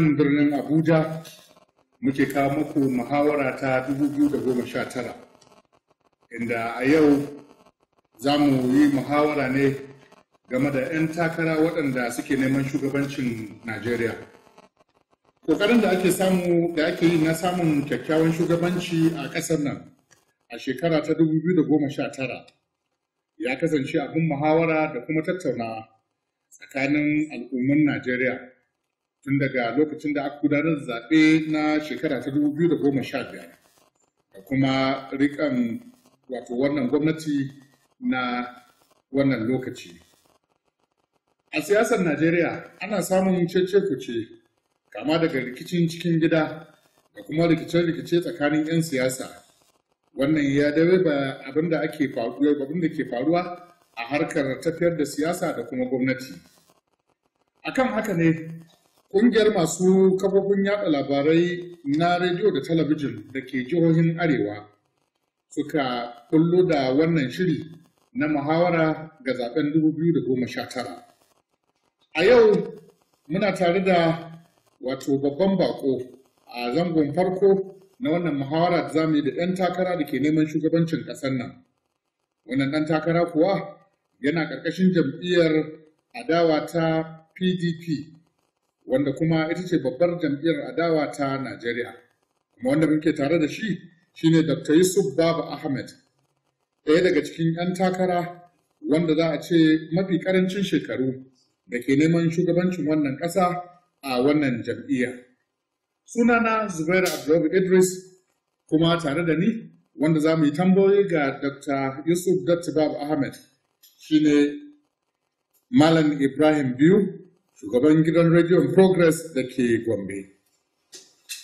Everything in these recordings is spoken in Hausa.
nan birnin Abuja muke kawo muku muhawara ta 2019 inda a yau za mu yi muhawara ne game da 'yan takara waɗanda suke neman shugabancin Najeriya. Ƙoƙarin da ake samu da ake yi na samun kyakkyawan shugabanci a ƙasar nan a shekara ta 2019 ya kasance abin muhawara da kuma tattaunawa tsakanin al'umman Najeriya. tun daga lokacin da aka gudanar da zaɓe na shekara ta 2015 da kuma rikan wato wannan gwamnati na wannan lokaci. A siyasar Najeriya ana samun cece-kuce kama daga rikicin cikin gida da kuma rikice-rikice tsakanin 'yan siyasa. Wannan ya dawe ba abin da ke faruwa a harkar tafiyar da siyasa da kuma gwamnati. Akan haka ne Ƙungiyar masu kafofin yada labarai na rediyo da talabijin da ke jihohin Arewa suka kullo da wannan shiri na muhawara ga zaben 2019. A yau muna tare da wato babban bako a zangon farko na wannan muhawara da zamu yi da ɗan takara da ke neman shugabancin ƙasar nan. Wannan ɗan takara kuwa yana ƙarƙashin jam'iyyar adawa ta PDP wanda kuma ita ce babbar jam'iyyar adawa ta Najeriya. Kuma wanda muke tare da shi shine Dr. Yusuf Babu Ahmed, ɗaya daga cikin 'yan takara wanda za a ce mafi karancin shekaru da ke neman shugabancin wannan ƙasa a wannan jam'iyya. Sunana Zubairu Abdullahi Idris kuma tare da ni wanda za mu yi tambayoyi ga Dr. Yusuf Dr. Babu Ahmed shine Malam Ibrahim Biyu shugaban gidan rediyon progress da ke gombe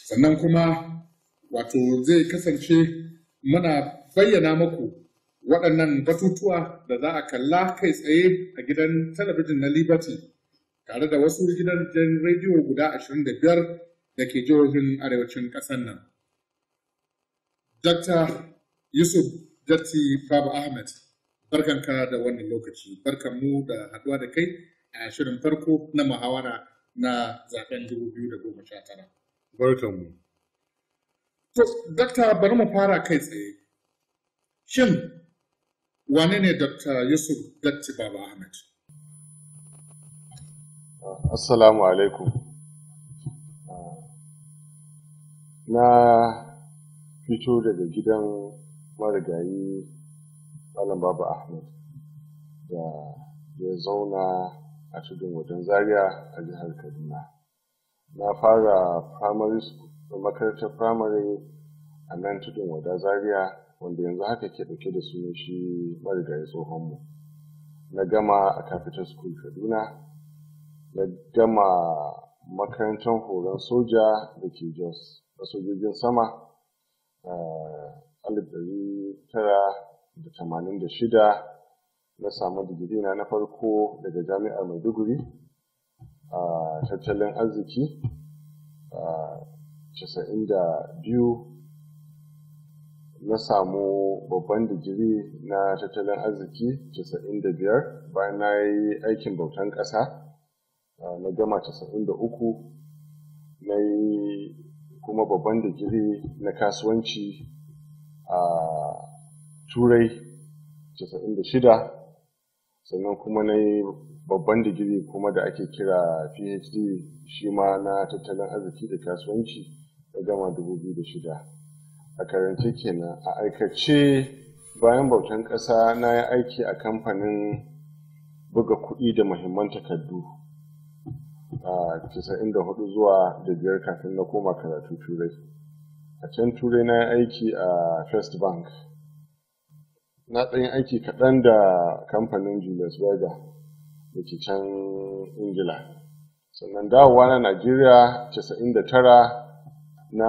sannan kuma wato zai kasance muna bayyana maku waɗannan batutuwa da za a kalla kai tsaye a gidan talabijin na liberty tare da wasu gidan rediyo guda 25 da ke jihohin arewacin ƙasar nan dr yusuf Jati babu ahmed barkanka da wannan lokaci barkanmu da haɗuwa da kai a shirin farko na muhawara na zaben 2019. Barkanmu. To, Dokta bari mu fara kai tsaye. Shin wane ne Dokta Yusuf Datti Baba Ahmed? Assalamu alaikum. Na fito daga gidan marigayi Malam Baba Ahmed da ya zauna a tudun wajen Zaria a jihar Kaduna. Na fara primary makarantar primary a nan tudun wada Zaria wanda yanzu haka ke ɗauke da sunan shi marigayi tsohonmu. Na gama a Capital School Kaduna, na gama makarantar horon soja da ke Jos a sojojin sama a eh, alif ɗari da tamanin da shida na samu digiri na na farko daga jami'ar maiduguri a tattalin arziki a casa'in da biyu na samu babban digiri na tattalin arziki casa'in da biyar bayan na yi aikin bautan ƙasa na gama casa'in da uku na yi kuma babban digiri na kasuwanci a turai casa'in da shida sannan kuma na yi babban digiri kuma da ake kira phd shi ma na tattalin arziki da kasuwanci da gama dubu biyu da shida. a karance kenan a aikace bayan bautan ƙasa na yi aiki a kamfanin buga kuɗi da muhimman takardu a 94 zuwa da biyar kafin na koma karatu turai a can turai na yi aiki a first bank na ɗan aiki kaɗan da kamfanin Julius Berger da ke can Ingila. Sannan dawowa na Najeriya 99 na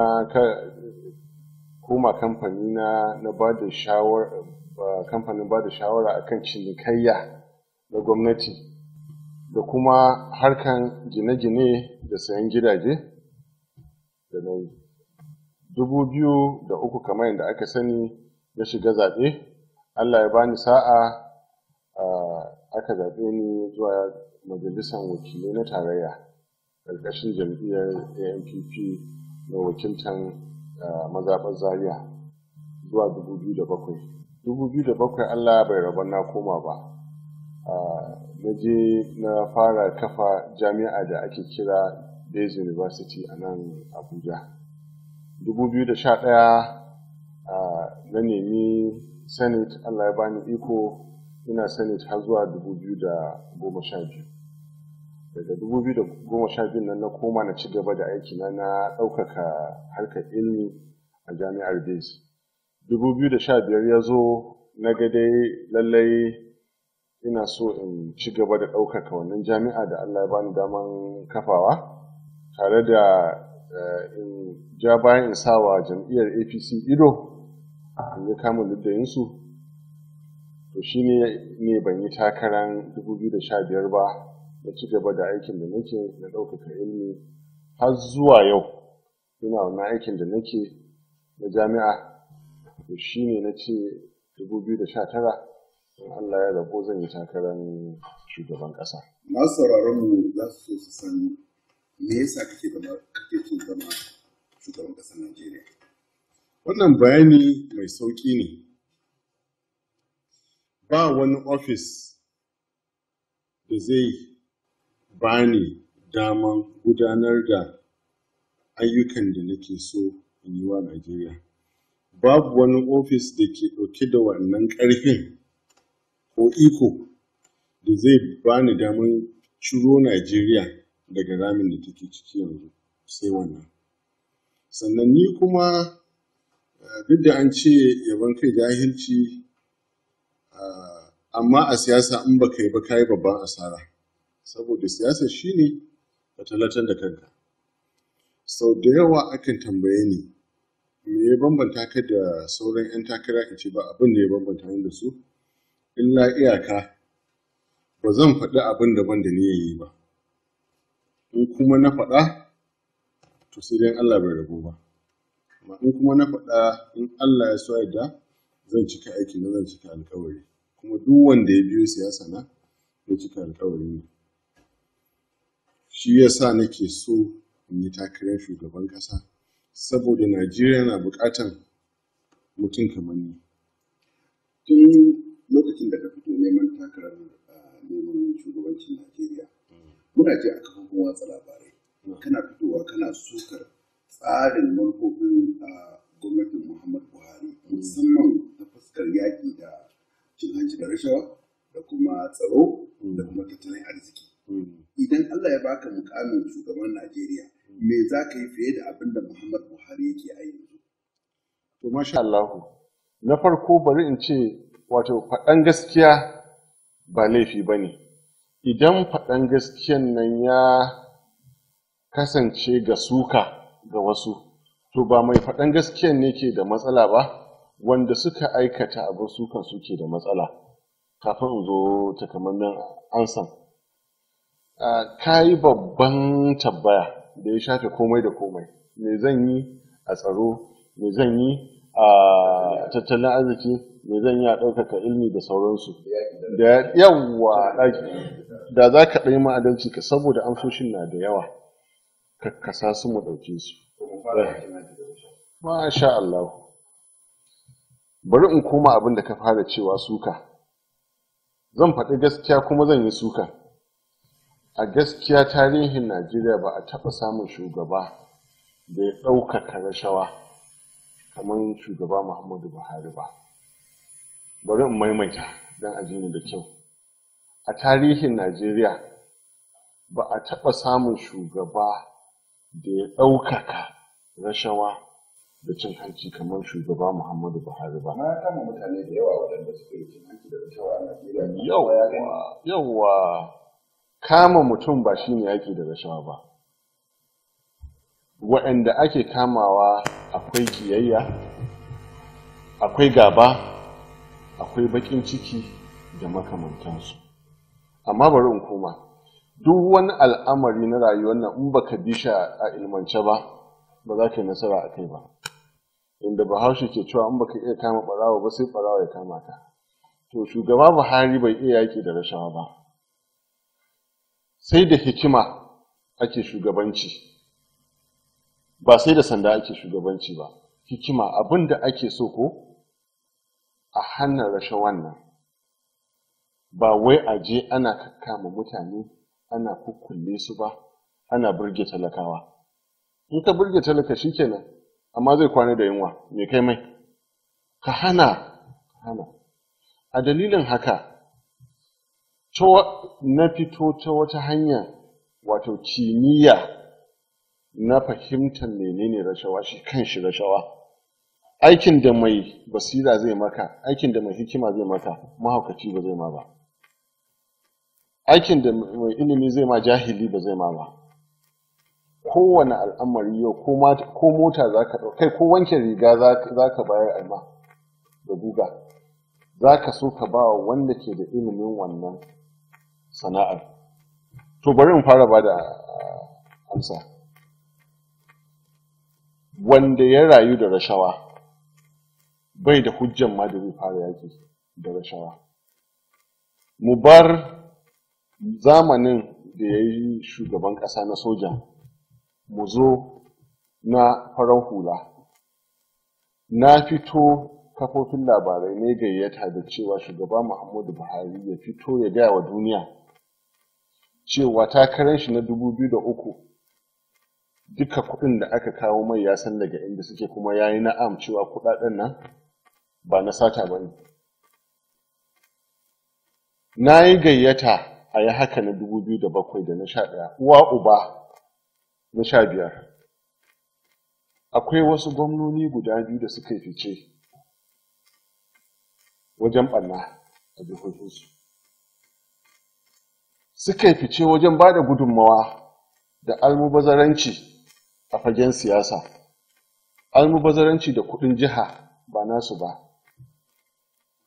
koma kamfani na kamfanin ba da shawara a kan cinikayya na gwamnati da kuma harkan gine-gine da sayan gidaje da na biyu da uku kamar yadda aka sani ya shiga zaɓe Allah ya bani sa'a aka zaɓe ni zuwa majalisar wakilai na tarayya ƙarƙashin jam'iyyar ANPP na wakiltan mazaɓar Zaria zuwa 2007. 2007 Allah bai rabon na koma ba. Na je na fara kafa jami'a da ake kira Days University a nan Abuja. 2011 na nemi senate allah ya bani iko ina senate har zuwa 2012 daga 2012 nan na koma na ci gaba da aiki na na ɗaukaka harkar ilmi a jami'ar daisy 2015 ya zo na ga dai lallai ina so in ci gaba da ɗaukaka wannan jami'a da Allah ya bani daman kafawa tare da eh, in ja bayan in sa wa jam'iyyar APC ido an ga kamun luddayinsu to shi ne ban yi takarar 2015 ba na ci gaba da aikin da nake na ɗaukaka ilimi har zuwa yau ina wannan aikin da nake na jami'a to shi ne na ce 2019 in Allah ya rabo zan yi takarar shugaban ƙasa. Masu sauraron mu za su so su san me yasa kake zama kake son zama shugaban ƙasar Najeriya. Wannan bayani mai sauƙi ne. Ba wani ofis da zai bani daman gudanar da ayyukan da nake so in yi wa Najeriya. Babu wani ofis da ke ɗauke da wannan ƙarfin ko iko da zai bani daman ciro Najeriya daga ramin da take ciki yanzu, sai wannan. Sannan ni kuma duk da an ce yaban kai jahilci ah, amma a siyasa in ba kai ba kayi babban asara saboda siyasa shine ka talatar da kanka sau da yawa akan tambaye ni me ya bambanta ka da sauran 'yan takara in ce ba abin da ya bambanta ni da su illa iyaka ba zan faɗi abin da ban da ni yi ba in kuma na faɗa to sai dai Allah bai rabu ba amma in kuma na faɗa in Allah ya so yadda zan cika aiki na zan cika alkawari kuma duk wanda ya biyo siyasa na ya cika alkawari ne shi yasa nake so in yi takarar shugaban ƙasa saboda Najeriya na buƙatan mutum kamar ni tun lokacin da ka fito neman takarar ah, neman shugabancin Najeriya muna je a kafofin watsa labarai kana fitowa kana sukar tsarin manufofin ah, gwamnatin Muhammadu Buhari musamman ta fuskar yaƙi da cin rashawa da kuma tsaro da kuma tattalin arziki. Idan Allah ya baka mukamin shugaban Najeriya me za ka yi fiye da abin da Muhammadu Buhari yake a yanzu? To masha Allah na farko bari in ce wato faɗan gaskiya ba laifi ba ne. Idan faɗan gaskiyan nan ya kasance ga suka ga wasu to ba mai faɗan gaskiyan ne ke da matsala ba wanda suka aikata abin su kan suke da matsala kafin in zo takamaiman ansan ka yi babban tabbaya da ya shafe komai da komai me zan yi a tsaro me zan yi a tattalin arziki me zan yi a ɗaukaka ilmi da sauransu da yawa da za ka ɗaya ma'adalci ka saboda amsoshin na da yawa kakkasa su mu ɗauke su. Masha Allah. Bari in koma abin da ka fara cewa suka. Zan faɗi gaskiya kuma zan yi suka. A gaskiya tarihin Najeriya ba a taɓa samun shugaba da ya ɗaukaka rashawa kamar shugaba Muhammadu Buhari ba. Bari in maimaita don ajini da kyau. A tarihin Najeriya ba a taɓa samun shugaba da ya ɗaukaka rashawa da cin hanci kamar shugaba Muhammadu Buhari ba. Na kama mutane da yawa waɗanda suka yi cin hanci da rashawa a Najeriya. Yawwa, yawwa, kama mutum ba shi ne yake da rashawa ba. Waɗanda ake kamawa akwai kiyayya, akwai gaba, akwai baƙin ciki da makamantansu. Amma bari in koma. duk wani al'amari na rayuwar nan in baka bi shi a ilmance ba ba za ka yi nasara a kai ba inda bahaushe ke cewa in baka iya kama barawa ba sai barawa ya kama ka to shugaba buhari bai iya yaƙi da rashawa ba sai da hikima ake shugabanci ba sai da sanda ake shugabanci ba hikima abin da ake so ko a hannun rashawan nan ba wai a je ana kakkama mutane ana kukkulle su ba ana burge talakawa in ka burge talaka kenan, amma zai kwana da yunwa me kai mai ka hana hana a dalilin haka na fito ta wata hanya wato kimiyya na fahimtar menene rashawa shi kan shi rashawa aikin da mai basira zai maka aikin da mai hikima zai maka mahaukaci ba zai ma ba aikin da mai ilimi zai ma jahili ba zai ma ba kowane al'amari yau ko mota za ka ɗaukai ko wanke riga za ka bayar alma da guga za ka so ka ba wanda ke da ilimin wannan sana'ar to bari in fara ba da ah, amsa wanda ya rayu da rashawa bai da hujjan ma da zai fara yaki da rashawa mu bar zamanin da ya yi shugaban ƙasa na soja mu zo na farar hula na fito kafofin labarai ne gayyata da cewa shugaba muhammadu buhari ya fito ya gaya wa duniya cewa takarar shi na 2003 duka kuɗin da aka kawo mai ya san daga inda suke kuma ya yi na'am cewa kuɗaɗen nan ba na sata ba ne na yi gayyata a yi haka na dubu biyu da bakwai da na sha ɗaya uwa uba na sha biyar akwai wasu gwamnoni guda biyu da suka fice wajen ɓanna a jihohinsu suka fice wajen ba da gudunmawa da almubazaranci a fagen siyasa almubazaranci da kuɗin jiha ba nasu ba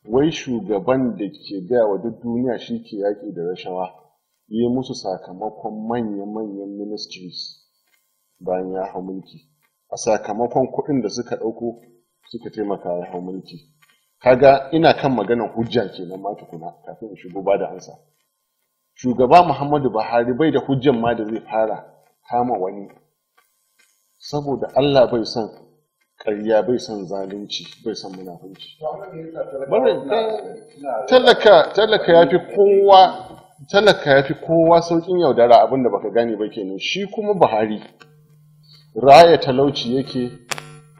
wai shugaban da ke gaya wa duk duniya shi ke yaƙi da rashawa yi musu sakamakon manya-manyan ministries bayan ya hau mulki a sakamakon kuɗin da suka ɗauko suka taimaka ya hau mulki kaga ina kan maganar hujja ke nan ma tukuna kafin in shigo ba da ansa shugaba muhammadu buhari bai da hujjan ma da zai fara kama wani saboda allah bai son Ƙarya bai son zalunci bai son munafunci talaka ya fi kowa talaka kowa saukin yaudara abinda baka gane ba kenan shi kuma Buhari raya talauci yake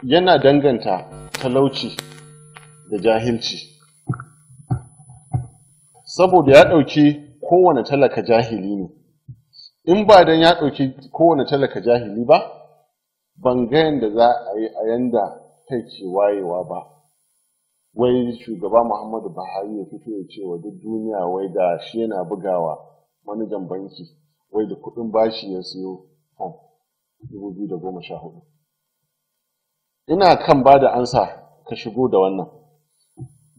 yana danganta talauci da jahilci saboda ya ɗauki kowane talaka jahili ne in ba don ya ɗauki kowane talaka jahili ba ban ga yadda za a yi a yanda kai ke wayewa ba wai shugaba muhammadu buhari ya fito ya ce wa duk duniya wai da shi yana bugawa manajan banki wai da kuɗin bashi ya siyo kan dubu sha hudu ina kan ba da ansa ka shigo da wannan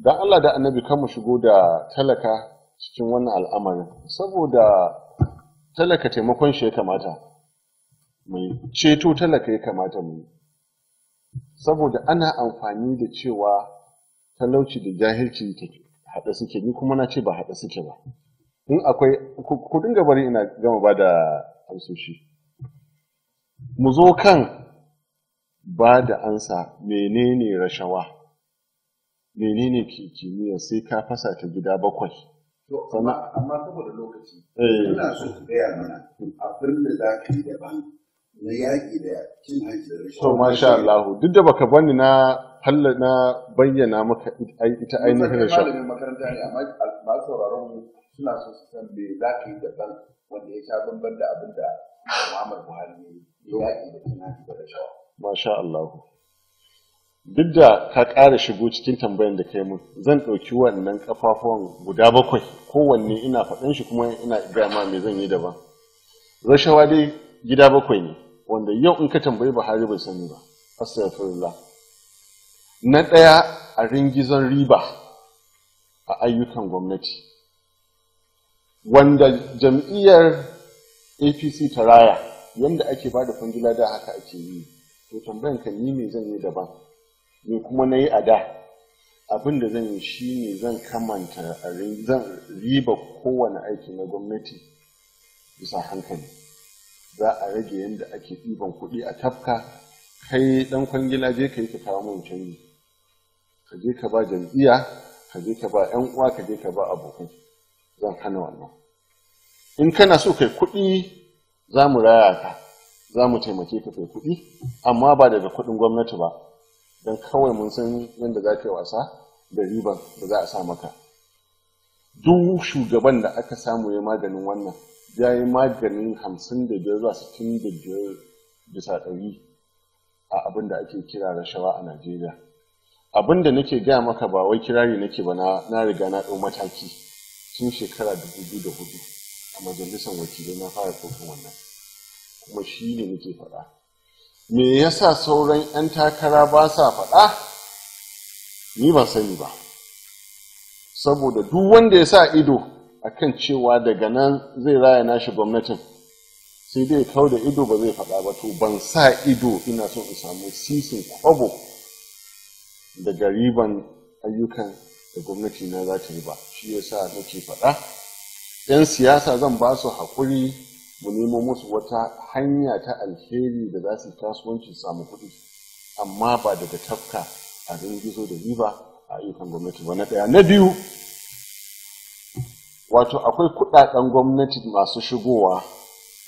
don allah da annabi kan mu shigo da talaka cikin wannan al'amarin saboda talaka taimakon shi ya kamata mai ceto talaka ya kamata mu saboda ana amfani da cewa talauci da jahilci ta haɗe suke ni kuma na ce ba haɗe suke ba in akwai ku dinga bari ina gama ba da amsoshi mu zo kan ba da ansa menene rashawa menene ke kimiyya sai ka fasa ta gida bakwai amma saboda lokaci eh. ina so ku gaya mana abin da za ka yi daban na yaƙi da cin hanci da rashin. To masha Allah duk da baka bani na halla na bayyana maka ita ainihin rashin. Malamin makaranta ne amma masu sauraron mu suna so su san me za ka yi daban wanda ya sha bambam da abin da Muhammad Buhari ya yaƙi da cin hanci da rashawa. Masha Allah. Duk da ka ƙara shigo cikin tambayan da yi mun zan ɗauki wannan ƙafafuwan guda bakwai kowanne ina faɗin shi kuma ina gaya ma me zan yi daban. Rashawa dai gida bakwai ne. wanda yau in ka tambayi Buhari bai sani ba astaghfirullah na ɗaya a ringizan riba a ayyukan gwamnati wanda jam'iyyar apc ta raya yadda ake ba da kwangila da haka ake yi to tambayan kan ni me zan yi daban me kuma na yi a da abin da zan yi shi ne zan kamanta a zan riba kowane aiki na gwamnati bisa hankali za a rage yadda ake ɗiban kuɗi a tafka kai ɗan kwangila je ka yi ka kawo mun canji ka je ka ba jam'iyya ka je ka ba 'yan uwa ka je ka ba abokai zan hana wannan in kana so kai kuɗi za mu raya ka za mu taimake ka kai kuɗi amma ba daga kuɗin gwamnati ba don kawai mun san yadda za ka yi wasa da riban da za a sa maka duk shugaban da aka samu ya maganin wannan ya yi maganin hamsin da biyar zuwa sittin da biyar bisa ɗari a abin da ake kira rashawa a najeriya abin da nake gaya maka ba wai kirari nake ba na riga na ɗau mataki tun shekara dubu biyu da hudu a majalisar wakilai na fara kofin wannan kuma shi ne nake faɗa me yasa sauran 'yan takara ba sa faɗa ni ban sani ba saboda duk wanda ya sa ido akan cewa daga nan zai raya nashi gwamnatin sai dai kau da ido ba zai faɗa ba to ban sa ido ina son in samu sisin kwabo daga riban ayyukan da gwamnati na za ta yi ba shi yasa nake faɗa 'yan siyasa zan ba su haƙuri mu nemo musu wata hanya ta alheri da za su kasuwanci samu kuɗi amma ba daga tafka a gizo da riba a ayyukan gwamnati ba na ɗaya na biyu wato akwai kudaden gwamnati masu shigowa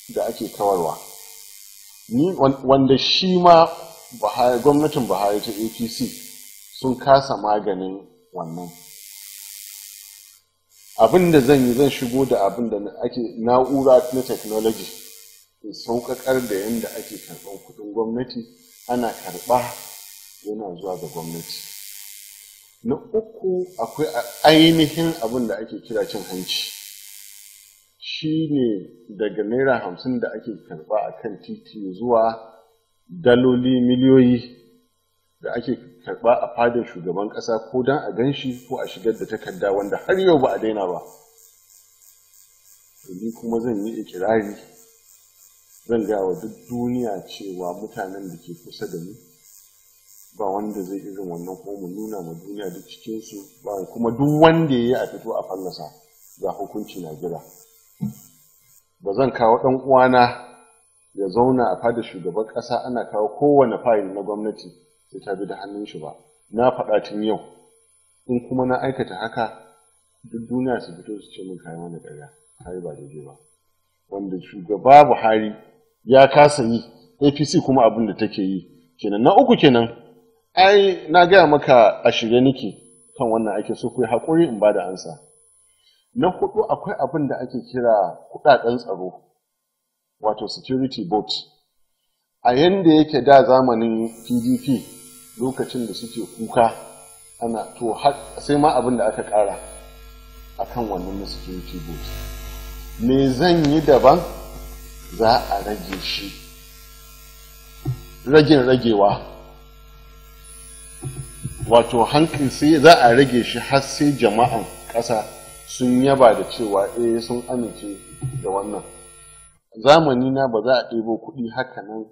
da ake kawarwa ni wanda shi ma gwamnatin buhari ta apc sun kasa maganin wannan abin da zan yi zan shigo da abin da ake na'ura na technology in sauƙaƙar da yadda ake karɓar kuɗin gwamnati ana karɓa yana zuwa ga gwamnati na uku akwai ainihin abin da ake kira cin hanci shi ne daga naira hamsin da ake karba a kan titi zuwa daloli miliyoyi da ake karba a fadin shugaban ƙasa ko don a gan shi ko a shigar da takarda wanda har yau ba a daina ba ni kuma zan yi ikirari zan gawa duk duniya cewa mutanen da ke kusa da ni ba wanda zai irin wannan ko mu nuna ma duniya da cikinsu ba kuma duk wanda ya yi a fito a fallasa ga hukunci na gida ba zan kawo ɗan uwana ya zauna a fada shugaban ƙasa ana kawo kowane fayil na gwamnati sai ta da hannun shi ba na faɗa tun yau in kuma na aikata haka duk duniya su fito su ce min kayan wani ɗaya kayi wanda shugaba buhari ya kasa yi apc kuma abin da take yi kenan na uku kenan ai na gaya maka a shirye nake kan wannan ake so ku haƙuri in bada da ansa na hudu akwai abin da ake kira kudaden tsaro wato security bot. a yanda yake da zamanin pdp lokacin da suke kuka ana to sai ma abin da aka kara a kan wannan na security boat me zan yi daban za a rage shi ragin ragewa wato hankali sai za a rage shi har sai jama'an ƙasa sun yaba da cewa eh sun amince da wannan zamani na ba za a ɗebo kuɗi haka nan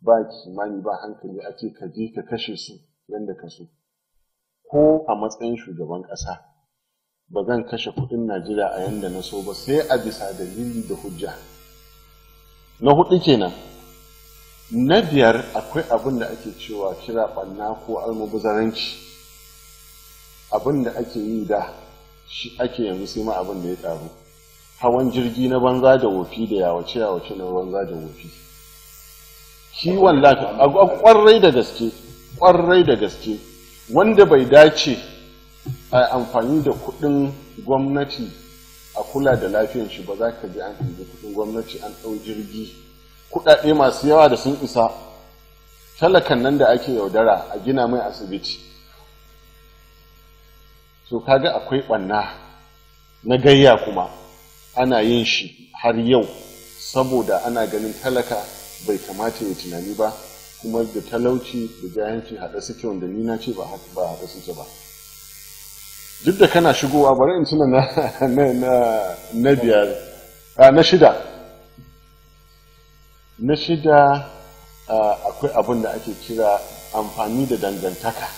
ba kimani ba hankali a ce ka je ka kashe su yadda ka so ko a matsayin shugaban ƙasa ba zan kashe kuɗin najeriya a yadda na so ba sai a bisa dalili da hujja na huɗu kenan na biyar akwai abin da ake cewa kira ɓanna ko almubuzaranci abin da ake yi da shi ake yanzu sai ma abin da ya ƙaru hawan jirgi na banza da wofi da yawace yawace na banza da wofi kiwon lafiya a ƙwarai da gaske ƙwarai da gaske wanda bai dace a amfani da kuɗin gwamnati a kula da lafiyar shi ba za ka ji an kuɗin gwamnati an ɗau jirgi kuɗaɗe masu yawa da sun isa talakan nan da ake yaudara a gina mai asibiti to kaga akwai ɓanna na gayya kuma ana yin shi har yau saboda ana ganin talaka bai kamata ya tunani ba kuma da talauci da jayanci haɗa suke wanda ni na ce ba haɗa suke ba duk da kana shigowa bari in tuna na biyar na shida na shida akwai abin da ake kira amfani da dangantaka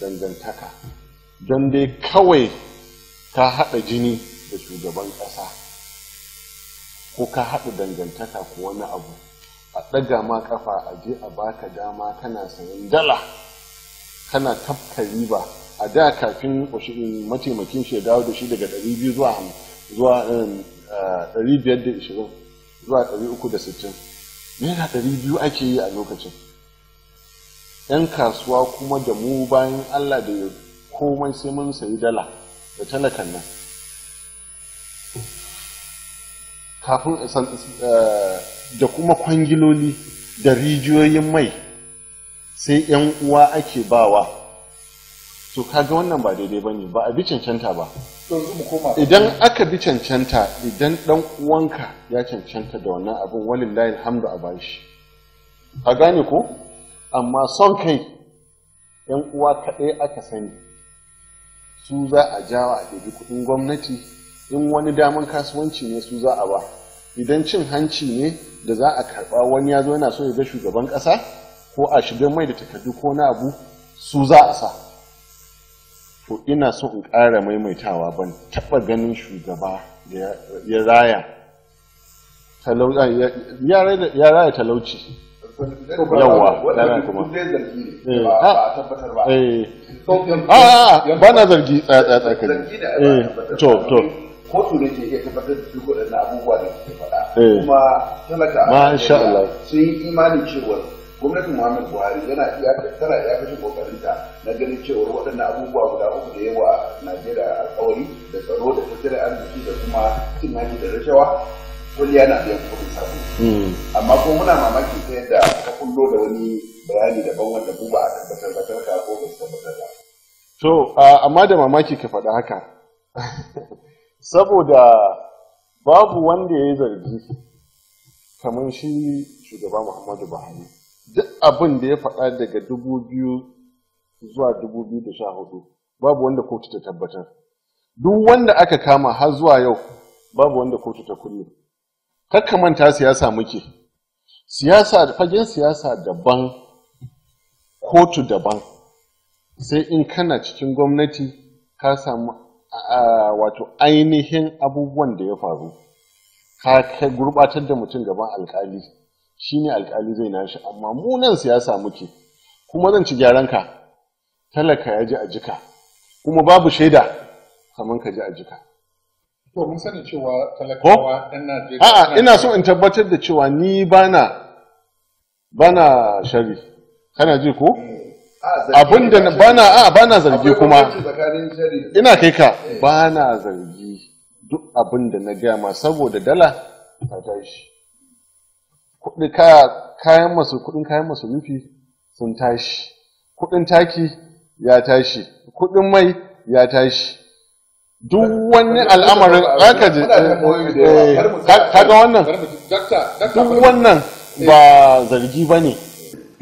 dangantaka don dai kawai ka haɗa jini da shugaban ƙasa ko ka haɗa dangantaka ko wani abu a ɗaga ma ƙafa a je a baka dama kana sayan dala kana tafka riba a da kafin mataimakin shi dawo da shi daga 200 zuwa um, 520 zuwa 360 naira 200 ake yi a lokacin yan kasuwa kuma da mu bayan allah da ya komai sai mun sayi dala da talakan nan kafin eh, da kuma kwangiloli da rijiyoyin mai sai 'yan uwa ake bawa to kaga wannan ba daidai ba ne ba a bi cancanta ba idan aka bi cancanta idan dan uwanka ya cancanta da wannan abin walillahi alhamdu a bashi a gane ko amma son kai yan uwa kaɗai aka sani su za a jawa a ɗabi kuɗin gwamnati in wani daman kasuwanci ne su za a ba idan cin hanci ne da za a karɓa wani ya zo yana so ya ga shugaban ƙasa ko a shigar mai da takardu ko na abu su za a sa to ina so in ƙara maimaitawa ban taɓa ganin shugaba ya raya ya raya talauci yawa ɗana kuma a ba na zargi tsatsa kai eh, to to kotu ne ke iya tabbatar da duk waɗannan abubuwa da ke faɗa eh. kuma talaka sun yi imanin cewa gwamnatin muhammad buhari yana iya tana ya kashe kokarinta na ganin cewar waɗannan abubuwa guda uku da yawa najeriya alkawari da tsaro da tattalin arziki da kuma cin hanci da rashawa kwalliya na biyan kuɗin sabo hmm. amma ko muna mamaki ta yadda ka kullo da wani bayani daban wanda buba a tabbatar ba tarka ko ba su tabbatar ba. to amma da mamaki ka faɗi haka saboda babu wanda ya yi zargi kamar shi shugaba muhammadu buhari duk abin da ya faɗa daga dubu biyu zuwa dubu biyu da sha hudu babu wanda kotu ta tabbatar duk wanda aka kama har zuwa yau babu wanda kotu ta kulle kakka manta siyasa muke siyasa fagen siyasa daban kotu daban sai in kana cikin gwamnati ka samu wato ainihin abubuwan da ya faru ka gurbatar da mutum gaban alkali shi ne alkali zai nashi amma mu nan siyasa muke kuma zan ci gyaran ka talaka ya ji a jika kuma babu shaida kaman ka ji a jika to mun sani cewa talakawa ɗan Najeriya a'a ina so in tabbatar da cewa ni bana bana shari kana ji ko eh, abinda bana a bana zargi kuma ina kai ka eh. bana zargi duk abinda na gaya ma saboda dala ta tashi kuɗi kayan masu kuɗin kayan masu rufi sun tashi kuɗin taki ya tashi kuɗin mai ya tashi duk wani al'amarin aka je kaga wannan duk wannan eh. ba zargi ba ne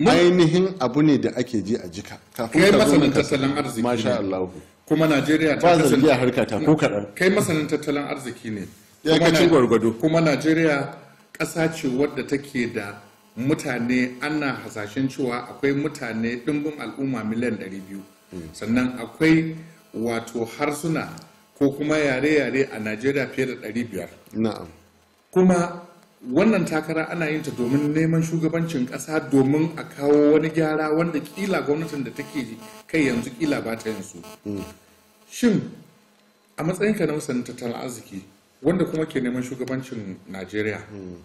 ainihin abu ne da ake ji a jika kai masanin tattalin arziki masha Allah kuma Najeriya ta kasance ba zargi a harka ta ko kaɗan kai masanin tattalin arziki ne ya kacin gwargwado kuma Najeriya ƙasa ce wadda take da mutane ana hasashen cewa akwai mutane ɗimbin al'umma miliyan 200 sannan akwai wato harsuna ko kuma yare-yare a najeriya fiye da 500 kuma wannan takara ana yin ta domin neman shugabancin ƙasa domin a kawo wani gyara wanda kila gwamnatin da take kai yanzu kila ba ta yanzu hmm. shin a matsayinka na masanin tattalin arziki wanda kuma ke neman shugabancin najeriya hmm.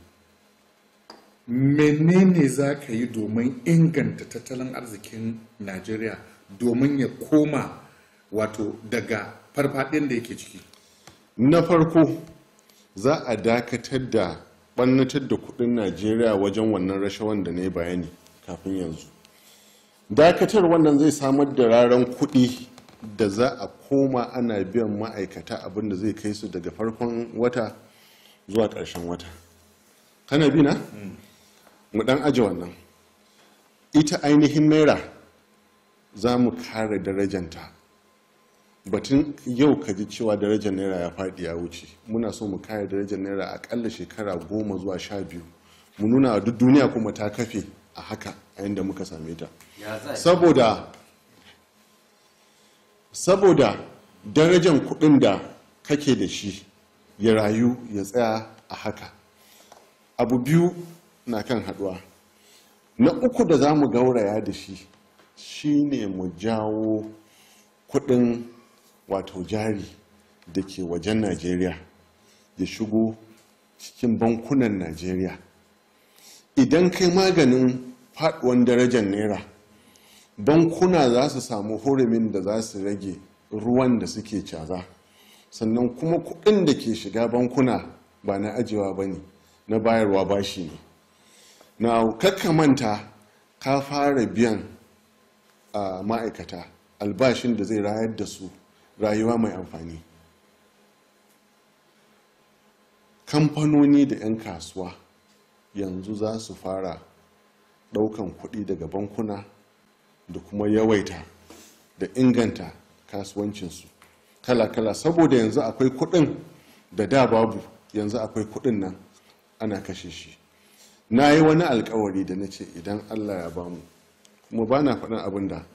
menene za ka yi domin inganta tattalin arzikin najeriya domin ya koma wato daga farfadin da yake ciki na farko za a dakatar da ɓannatar da kudin najeriya wajen wannan rashawan da na yi bayani kafin yanzu dakatar wannan zai samar da raran kudi da za a koma ana biyan ma'aikata abin da zai kai su daga farkon wata zuwa ƙarshen wata kana bi na mu dan aji wannan ita ainihin naira za mu kare darajanta batun yau ka ji cewa darajar naira ya faɗi ya wuce muna so mu kare darajar naira akalla shekara goma zuwa sha biyu mu nuna duk duniya kuma ta kafe a haka yayin da muka same ta saboda saboda darajan kuɗin da kake da shi ya rayu ya tsaya a haka abu biyu na kan haɗuwa na uku da za mu gauraya da shi shine mu jawo kuɗin wato jari da ke wajen najeriya ya shigo cikin bankunan najeriya idan kai maganin faɗuwan darajar naira bankuna za su samu hurumin da za su rage ruwan da suke caza sannan kuma kuɗin da ke shiga bankuna ba na ajiyewa ba ne na bayarwa bashi ne na kakka manta ka fara biyan a ma'aikata albashin da zai rayar da su rayuwa mai amfani kamfanoni da 'yan kasuwa yanzu za su fara ɗaukan kuɗi daga bankuna da kuma yawaita da inganta kasuwancinsu kala-kala saboda yanzu akwai kuɗin da da babu yanzu akwai kuɗin nan ana kashe shi na yi wani alkawari da na ce idan allah ya bamu kuma ba na faɗin abin da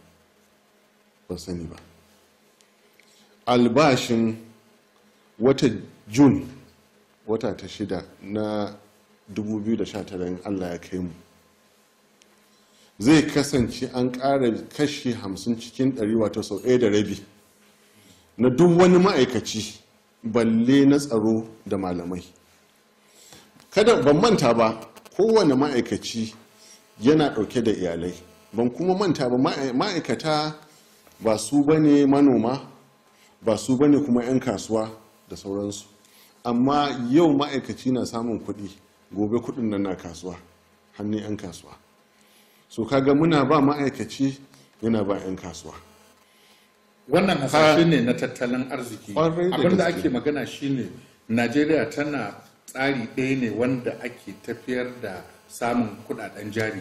ban sani ba albashin wata june wata ta shida na 2019 allah ya kai mu zai kasance an ƙara kashi 50 cikin 100 wato sau ɗaya da rabi na duk wani ma'aikaci balle na tsaro da malamai kada ban manta ba kowane ma'aikaci yana ɗauke da iyalai ban kuma manta ba ma'aikata ba su bane manoma ba su bane kuma 'yan kasuwa da sauransu amma yau ma'aikaci na samun kuɗi gobe kuɗin nan na kasuwa hannun 'yan kasuwa so kaga muna ba ma'aikaci yana ba 'yan kasuwa wannan ah, hasashe ne na tattalin arziki abinda ake magana shine najeriya tana tsari ɗaya ne wanda ake tafiyar da samun kudaden jari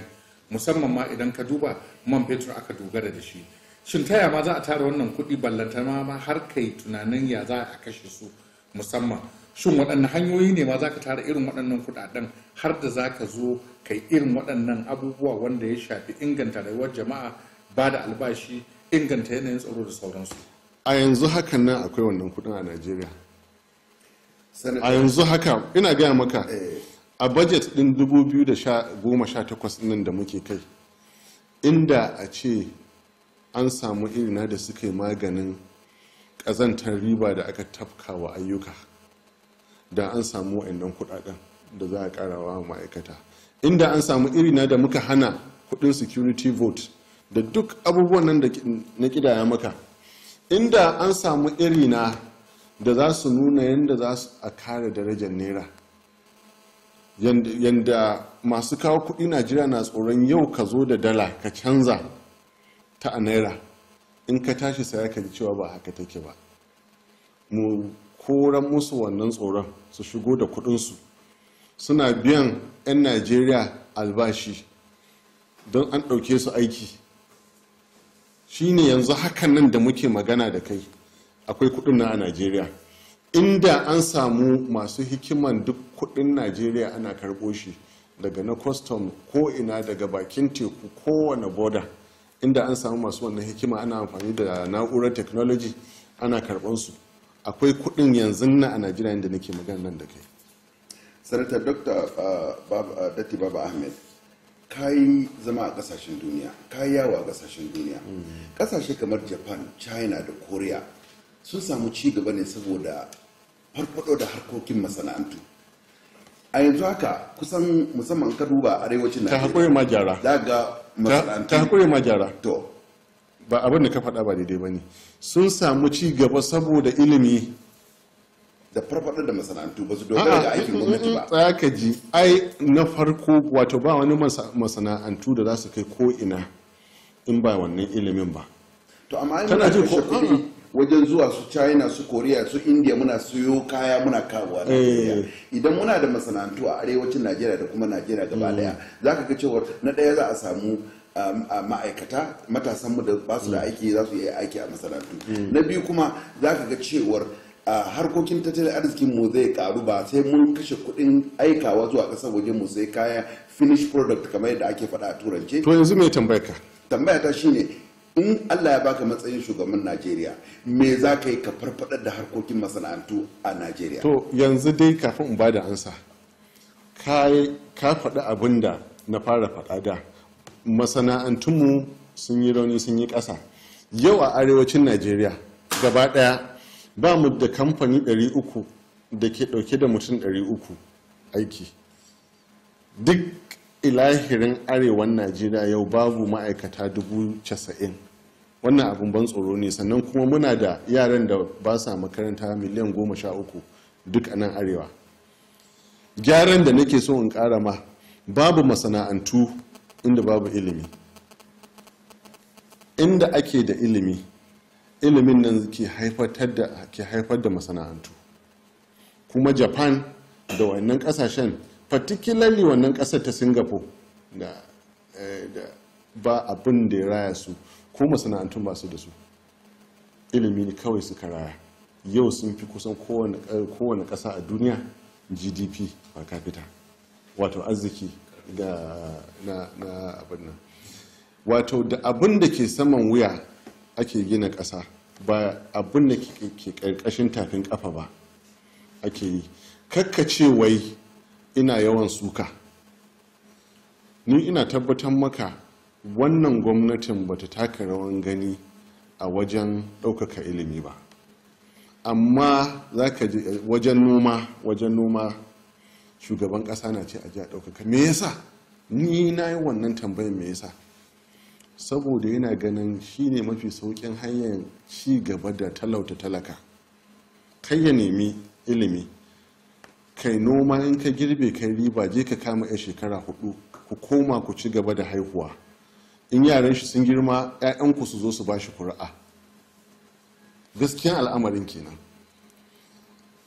musamman ma idan ka duba man fetur aka dogara da shi shin taya ma za a tara wannan kuɗi ballanta ma har kai tunanin ya za a kashe su musamman shin waɗannan hanyoyi ne ma za ka tara irin waɗannan kuɗaɗen har da za ka zo ka yi irin waɗannan abubuwa wanda ya shafi inganta rayuwar jama'a ba da albashi inganta yanayin tsaro da sauransu a yanzu hakan nan akwai wannan kuɗin a najeriya a yanzu haka ina gaya maka eh. a budget din 2018 nan da muke kai inda a ce an samu irina da suka yi maganin ƙazantar riba da aka tafka wa ayyuka da an samu wa'annan kudaden da za a karawa ma'aikata inda an samu irina da muka hana kudin security vote da duk abubuwan nan da na kidaya maka inda an samu irina da za su nuna yadda za su a kare darajar naira yadda masu kawo kudi najeriya na tsoron yau ka zo da dala ka canza ta a naira in ka tashi saya ka ji cewa ba haka take ba mu koran musu wannan tsoron su shigo da kudinsu suna biyan 'yan najeriya albashi don an ɗauke su aiki shine yanzu hakan nan da muke magana da kai akwai kudin na a najeriya inda an samu masu hikiman duk kudin najeriya ana karɓo shi daga na kwastam ko ina daga bakin teku kowane boda inda an samu masu wannan hikima ana amfani da na'urar technology ana karɓansu su akwai kudin yanzu na a najeriya da nake magana nan da kai sanata dr ah, ah, dati baba ahmed ka yi zama a kasashen duniya ka yi yawo a kasashen duniya kasashe mm. kamar japan china da korea sun samu ci gaba ne saboda farfado da harkokin masana'antu a yanzu haka kusan musamman ka duba arewacin najeriya ta hakuri majara ta hakuri majara to ba abin da ka faɗa ba daidai ba ne sun samu ci gaba saboda ilimi da farfaɗar da masana'antu ba su dogara da aikin mm, mm, gwamnati mm, ba tsaya ka ji ai na farko wato ba wani masana'antu da za su kai ko ina in ba wannan ilimin ba to amma kana ji ko wajen zuwa su china su korea su india muna siyo kaya muna kawo a eh. idan muna da masana'antu a arewacin najeriya da kuma najeriya gaba daya za ka ga cewa na ɗaya za a samu Um, a ma'aikata matasanmu da ba su da mm. aiki za su yi aiki a masana'antu mm. na biyu kuma za ka ga cewar uh, harkokin tattalin arzikin mu zai karu ba sai mun kashe kuɗin aikawa zuwa ƙasar waje mu sai kaya finish product kamar yadda ake faɗa a turance to yanzu me tambayar tambaya ta shine in Allah ya baka matsayin shugaban Najeriya me za ka yi ka farfadar da harkokin masana'antu a Najeriya to yanzu dai kafin in bada ansa ka faɗi abin da na fara faɗa da masana'antunmu sun yi rauni sun yi ƙasa yau a arewacin najeriya gaba ɗaya ba mu da kamfani 300 da ke ɗauke da mutum 300 aiki duk ilahirin arewan najeriya yau babu ma'aikata 90,000 wannan abin ban tsoro ne sannan kuma muna da yaran da ba sa makaranta miliyan 13 duk a nan arewa gyaran da nake so in ƙara ma babu masana'antu inda babu ilimi inda ake da ilimi ilimin nan ke haifar da masana'antu kuma japan da wannan kasashen particularly wannan kasar ta singapore eh, da ba abin da ya raya su ko masana'antu masu da su ilimi ne kawai suka raya yau sun fi kusan kowane eh, kasa a duniya gdp ba capita wato arziki da na abin nan wato da abin da ke saman wuya ake gina ƙasa ba abin da ke ƙarƙashin tafin ƙafa ba ake yi kakkace wai ina yawan suka ni ina tabbatar maka wannan gwamnatin bata taka rawan gani a wajen ɗaukaka ilimi ba amma za ka wajen noma wajen noma shugaban ƙasa na ce a ji a ɗaukaka me yasa ni na yi wannan tambayin me yasa saboda yana ganin shi ne mafi sauƙin hanyar ci gaba da talauta talaka kai ya nemi ilimi kai noma in ka girbe kai riba je ka kama ya shekara hudu ku koma ku ci gaba da haihuwa in yaran shi sun girma 'ya'yanku su zo su ba shi kuri'a gaskiyan al'amarin kenan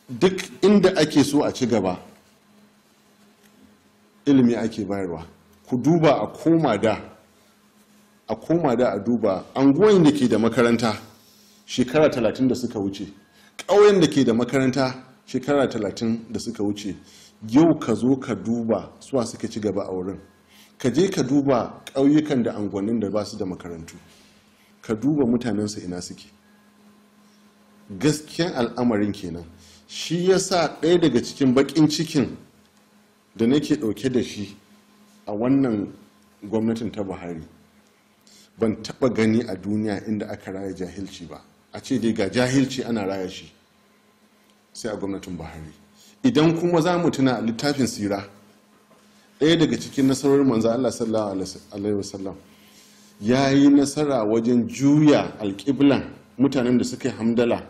duk inda ake so a ci gaba ilimi ake bayarwa ku duba a koma da a koma da a duba anguwan da ke da makaranta shekara talatin da suka wuce ƙauyen da ke da makaranta shekara talatin da suka wuce yau ka zo ka duba suwa suka ci gaba a wurin ka je ka duba ƙauyukan da angonin da ba su da makarantu ka duba mutanensu ina suke gaskiyan al'amarin kenan shi yasa ɗaya daga cikin baƙin cikin da nake dauke da shi a wannan gwamnatin ta buhari ban taɓa gani a duniya inda aka raya jahilci ba a ce dai ga jahilci ana raya shi sai a gwamnatin buhari idan kuma za mu tuna littafin sira ɗaya daga cikin nasarorin manzo Allah sallallahu alaihi wasallam ya yi nasara wajen juya alƙiblan mutanen da suka yi hamdala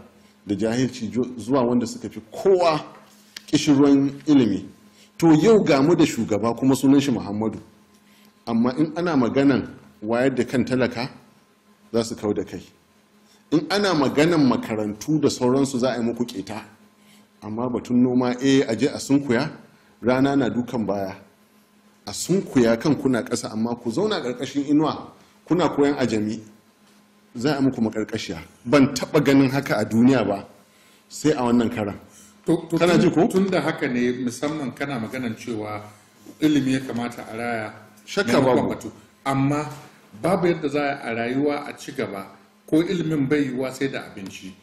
da jahilci zuwa wanda suka fi kowa ƙishirwan ilimi to yau gamu da shugaba kuma sunan shi muhammadu amma in ana maganan wayar da kan talaka za su kau da kai in ana maganan makarantu da sauransu za a yi muku keta amma batun noma e a je a sunkuya rana na dukan baya a sunkuya kan kuna ƙasa amma ku zauna ƙarƙashin inuwa kuna koyan ajami za a muku maƙarƙashiya ban taɓa ganin haka a duniya ba sai a wannan karan kana tun da haka ne musamman kana magana cewa ilimi ya kamata a raya shakka babu amma babu yadda za a rayuwa a ci gaba ko ilimin bai sai da abinci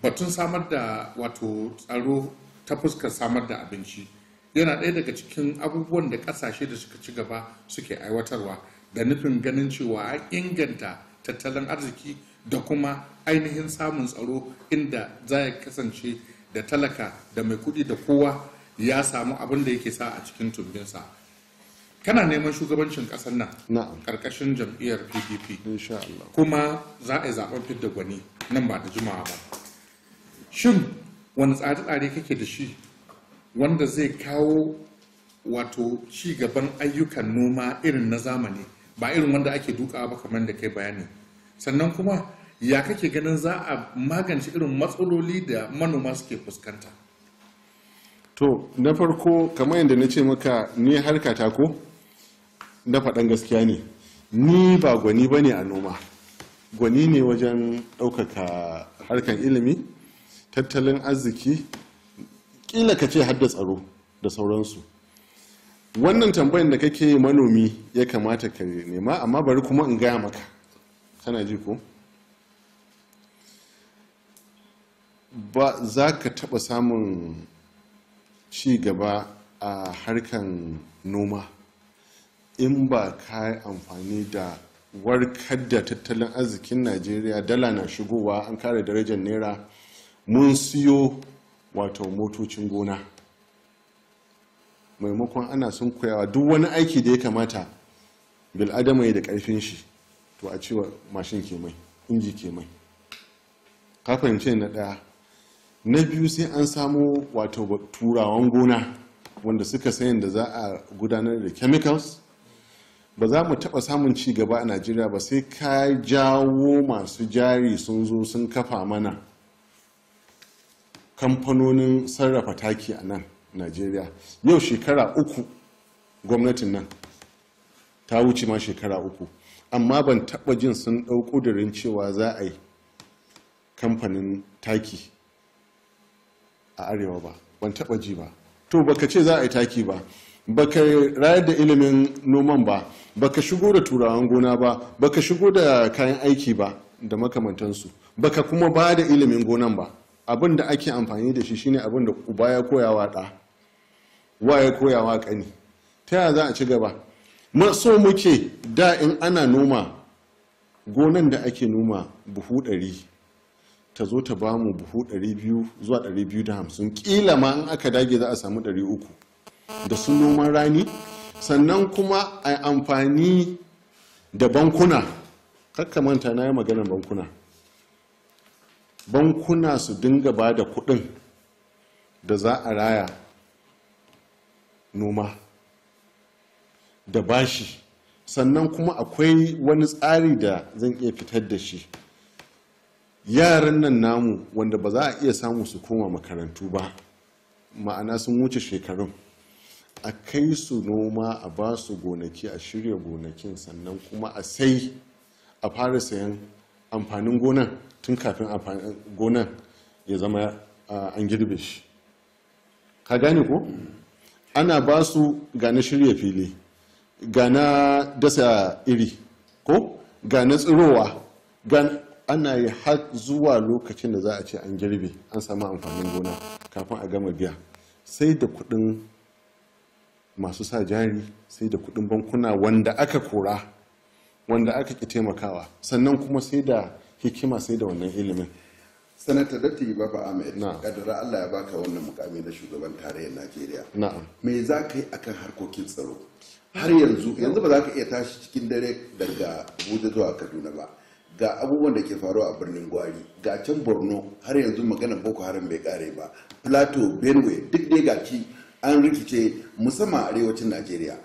batun samar da wato tsaro ta fuskar samar da abinci yana ɗaya daga cikin abubuwan da ƙasashe da suka ci gaba suke aiwatarwa da nufin ganin cewa an inganta tattalin arziki da kuma ainihin samun tsaro inda za ya kasance da talaka da mai kuɗi da kowa ya samu abin da yake sa a cikin tumbinsa kana neman shugabancin ƙasar nan ƙarƙashin jam'iyyar pdp kuma za a yi zaben fidda gwani nan ba da jimawa ba shin wani tsare-tsare kake da shi wanda zai kawo wato ci gaban ayyukan noma irin na zamani ba irin wanda ake duka ba kamar da kai bayani sannan kuma ya kake ganin za a magance irin matsaloli da manoma suke fuskanta to na farko kamar yadda na ce maka ni harka ta ko na faɗan gaskiya ne ni ba gwani ba ne a noma gwani ne wajen ɗaukaka harkan ilimi tattalin arziki ƙila ka ce da tsaro da sauransu wannan tambayin da kake manomi ya kamata ka nema amma bari kuma in gaya maka kana ji ko ba za ka taɓa samun ci gaba a harkan noma in ba ka yi amfani da warkar da tattalin arzikin najeriya dala na shigowa an kare darajar naira mun siyo wato motocin gona maimakon ana sun koyawa duk wani aiki da ya kamata bil'adama da karfin shi to a cewa mashin ke mai inji ke mai ka fahimce na daya na biyu sai an samo wato turawan gona wanda suka sayin da za a gudanar da chemicals ba za mu taɓa samun ci gaba a najeriya ba sai ka jawo masu jari sun zo sun kafa mana kamfanonin sarrafa taki a nan najeriya yau shekara uku gwamnatin nan ta wuce ma shekara uku amma ban taɓa jin sun ɗau da cewa za a yi kamfanin taki a arewa ba ban taba ji ba to baka ce za a yi taki ba baka rayar da ilimin noman ba baka shigo da turawan gona ba baka shigo da kayan aiki ba da makamantansu baka kuma ba da ilimin gonan ba abin da ake amfani da shi shine abin da uba ya koyawa da wa ya koyawa kani ta yaya za a ci gaba maso muke da in ana noma gonan da ake noma buhu ɗari ta zo ta ba mu buhu 200 zuwa 250 kila ma in aka dage za a samu 300 da sun noman rani sannan kuma a amfani da bankuna manta na yi maganar bankuna bankuna su dinga ba da kudin da za a raya noma da bashi sannan kuma akwai wani tsari da zan iya fitar da shi yaran nan namu wanda ba za a iya samu su koma makarantu ba ma'ana sun wuce shekarun a kai su noma a ba su gonaki a shirya gonakin sannan kuma a sai a fara sayan amfanin gonan tun kafin amfanin gonan ya zama an girbe shi ka gane ko ana ba su gane shirya fili gana dasa iri ko gane tsirowa ana yi har zuwa lokacin da za a ce an girbe an samu amfanin gona kafin a gama biya sai da kuɗin masu sa jari sai da kuɗin bankuna wanda aka kora wanda aka ki taimakawa sannan kuma sai da hikima sai da wannan ilimin sanata datti baba ahmed kadara allah ya baka wannan mukami na shugaban tarayyar najeriya me za ka yi akan harkokin tsaro har yanzu yanzu ba za ka iya tashi cikin dare daga abuja zuwa kaduna ba ga abubuwan da ke faruwa a birnin gwari ga can borno har yanzu magana boko haram bai kare ba plato benue duk dai ga ci an rikice musamman a arewacin najeriya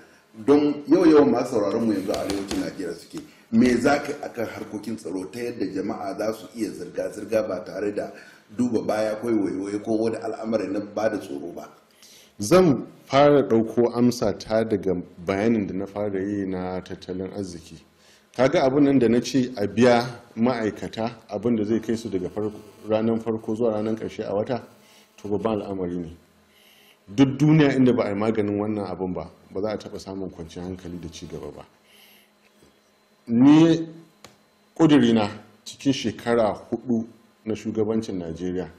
don yau yawan masu sauraron mu yanzu a arewacin najeriya suke me za ka akan harkokin tsaro ta yadda jama'a za su iya zirga-zirga ba tare da duba baya ko waiwaye ko wani al'amari na ba da tsoro ba zan fara ɗauko amsa ta daga bayanin da na fara yi na tattalin arziki kaga abin nan da na ce a biya ma'aikata abin da zai kai su daga ranar farko zuwa ranar ƙarshe a wata to babban al'amari ne duk duniya inda ba a yi maganin wannan abin ba ba za a taɓa samun kwanciyar hankali da ci gaba ba ni ƙudurina cikin shekara hudu na shugabancin najeriya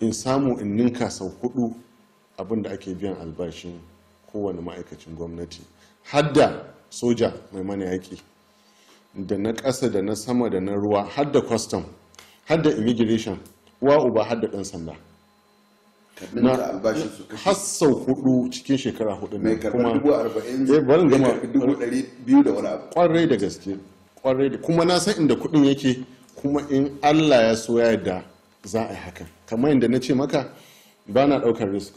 in samu in ninka sau hudu abin da ake biyan albashin kowane ma'aikacin gwamnati hadda soja mai mana yaƙi da na ƙasa da na sama da na ruwa har da custom har da immigration wa uba har da ɗan sanda na hassau hudu cikin shekara hudu ne kuma ya eh, bari gama kwarai da gaske kwarai da kuma na san inda kudin yake kuma in allah ya so ya da za a yi hakan kamar inda na ce maka ba na daukar risk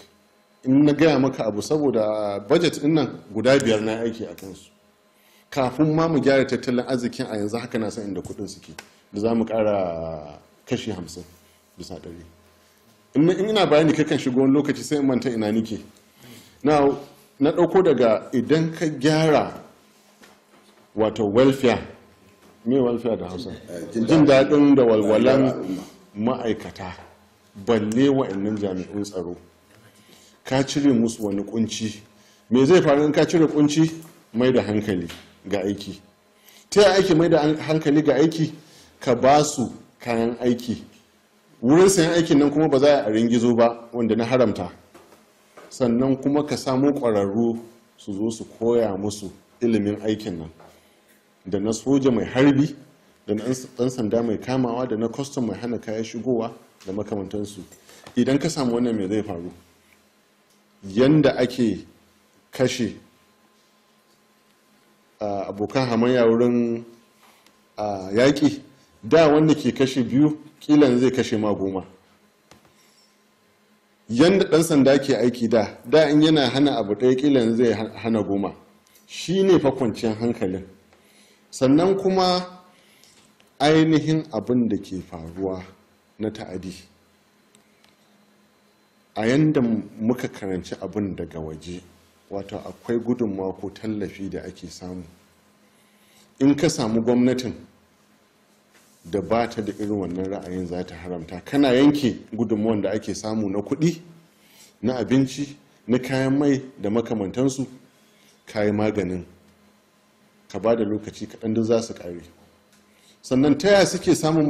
in na gaya maka abu saboda budget din nan guda biyar na aiki a kansu kafin ma mu gyara tattalin arzikin a yanzu haka na san inda kuɗin suke da za mu ƙara kashi hamsin bisa ɗari in ina bayani kan shigo wani lokaci sai in manta ina nike na na ɗauko daga idan ka gyara wato welfare me welfare da hausa jin daɗin da walwalan ma'aikata balle wa'annan jami'un tsaro ka cire musu wani kunci me zai faru in ka cire kunci mai da hankali ga aiki ta yaya ake mai da hankali ga aiki ka ba su kayan aiki wurin sayan aikin nan kuma ba za a ringizo ba wanda na haramta sannan kuma ka samu ƙwararru su zo su koya musu ilimin aikin nan da na soja mai harbi da na ɗan sanda mai kamawa da na kwastam mai hana kayan shigowa da makamantansu idan ka samu wannan mai zai faru yanda ake kashe abokan hamayya wurin yaƙi da wanda ke kashe biyu kilan zai kashe ma goma yadda ɗan sanda ke aiki da da in yana hana abu ɗaya kilan zai hana goma shi ne fakwancin hankalin sannan kuma ainihin abin da ke faruwa na ta'adi a yadda muka karanci abin daga waje wato akwai gudunmawa ko tallafi da ake samu in ka samu gwamnatin da ba ta da irin wannan ra'ayin za ta haramta kana yanke gudunmawan da ake samu na kuɗi na abinci na kayan mai da makamantansu kayi maganin ka ba da lokaci kaɗan duk za su ƙare sannan ta yaya suke samun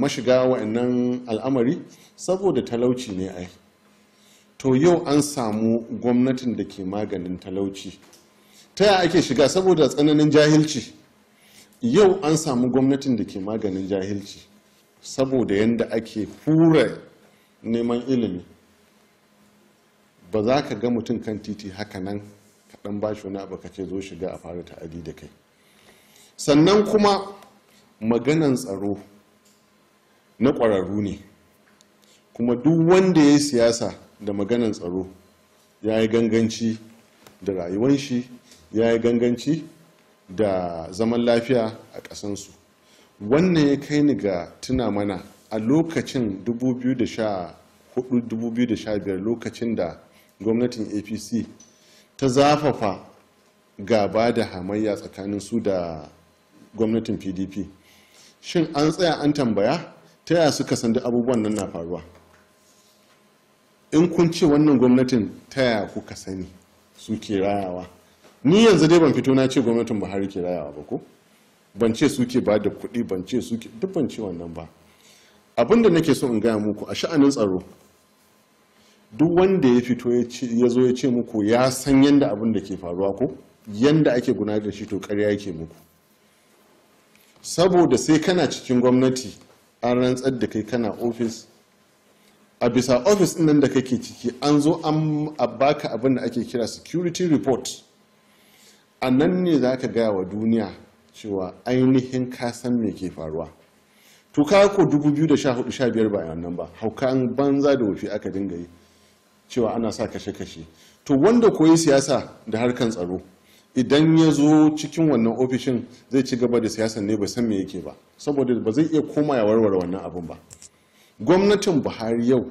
mashiga wa'annan al'amari saboda talauci ne ai to yau an samu gwamnatin da ke maganin talauci ta yaya ake shiga saboda tsananin jahilci yau an samu gwamnatin da ke maganin jahilci saboda yadda ake hura neman ilimi ba za ka ga mutum kan titi haka nan kaɗan ba shi wani abu ka ce zo shiga a fara ta'adi da kai sannan kuma maganan tsaro na ƙwararru ne kuma duk wanda ya yi siyasa da maganan tsaro ya yi ganganci da rayuwan shi ya yi ganganci da zaman lafiya a ƙasansu wannan ya kai ni ga tuna mana a lokacin 2014-2015 lokacin da gwamnatin apc ta zafafa gaba da hamayya tsakanin su da gwamnatin pdp shin an tsaya an tambaya ta yaya suka san abubuwan nan na faruwa in kun ce wannan gwamnatin taya kuka sani su ke rayawa ni yanzu dai ban fito na ce gwamnatin buhari ke rayawa ba ko ban ce suke ba da kuɗi ban ce suke duk ban ce wannan ba abinda nake so in gaya muku a sha'anin tsaro duk wanda ya fito ya zo ya ce muku ya san yadda abin da ke faruwa ko yadda ake guna da shi to karya yake muku saboda sai kana cikin gwamnati an rantsar da kai kana ofis a bisa ofis nan da kake ciki an zo an baka abin da ake kira security report a nan ne za ka gaya wa duniya cewa ainihin kasan me ke faruwa to ka ko 2014-15 ba nan ba haukan banza da wafi aka dinga yi cewa ana sa kashe-kashe to wanda koyi siyasa da harkan tsaro idan ya zo cikin wannan ofishin zai ci gaba da siyasa ne ba san me yake ba saboda ba zai iya komawa ya warware wannan abun ba gwamnatin buhari yau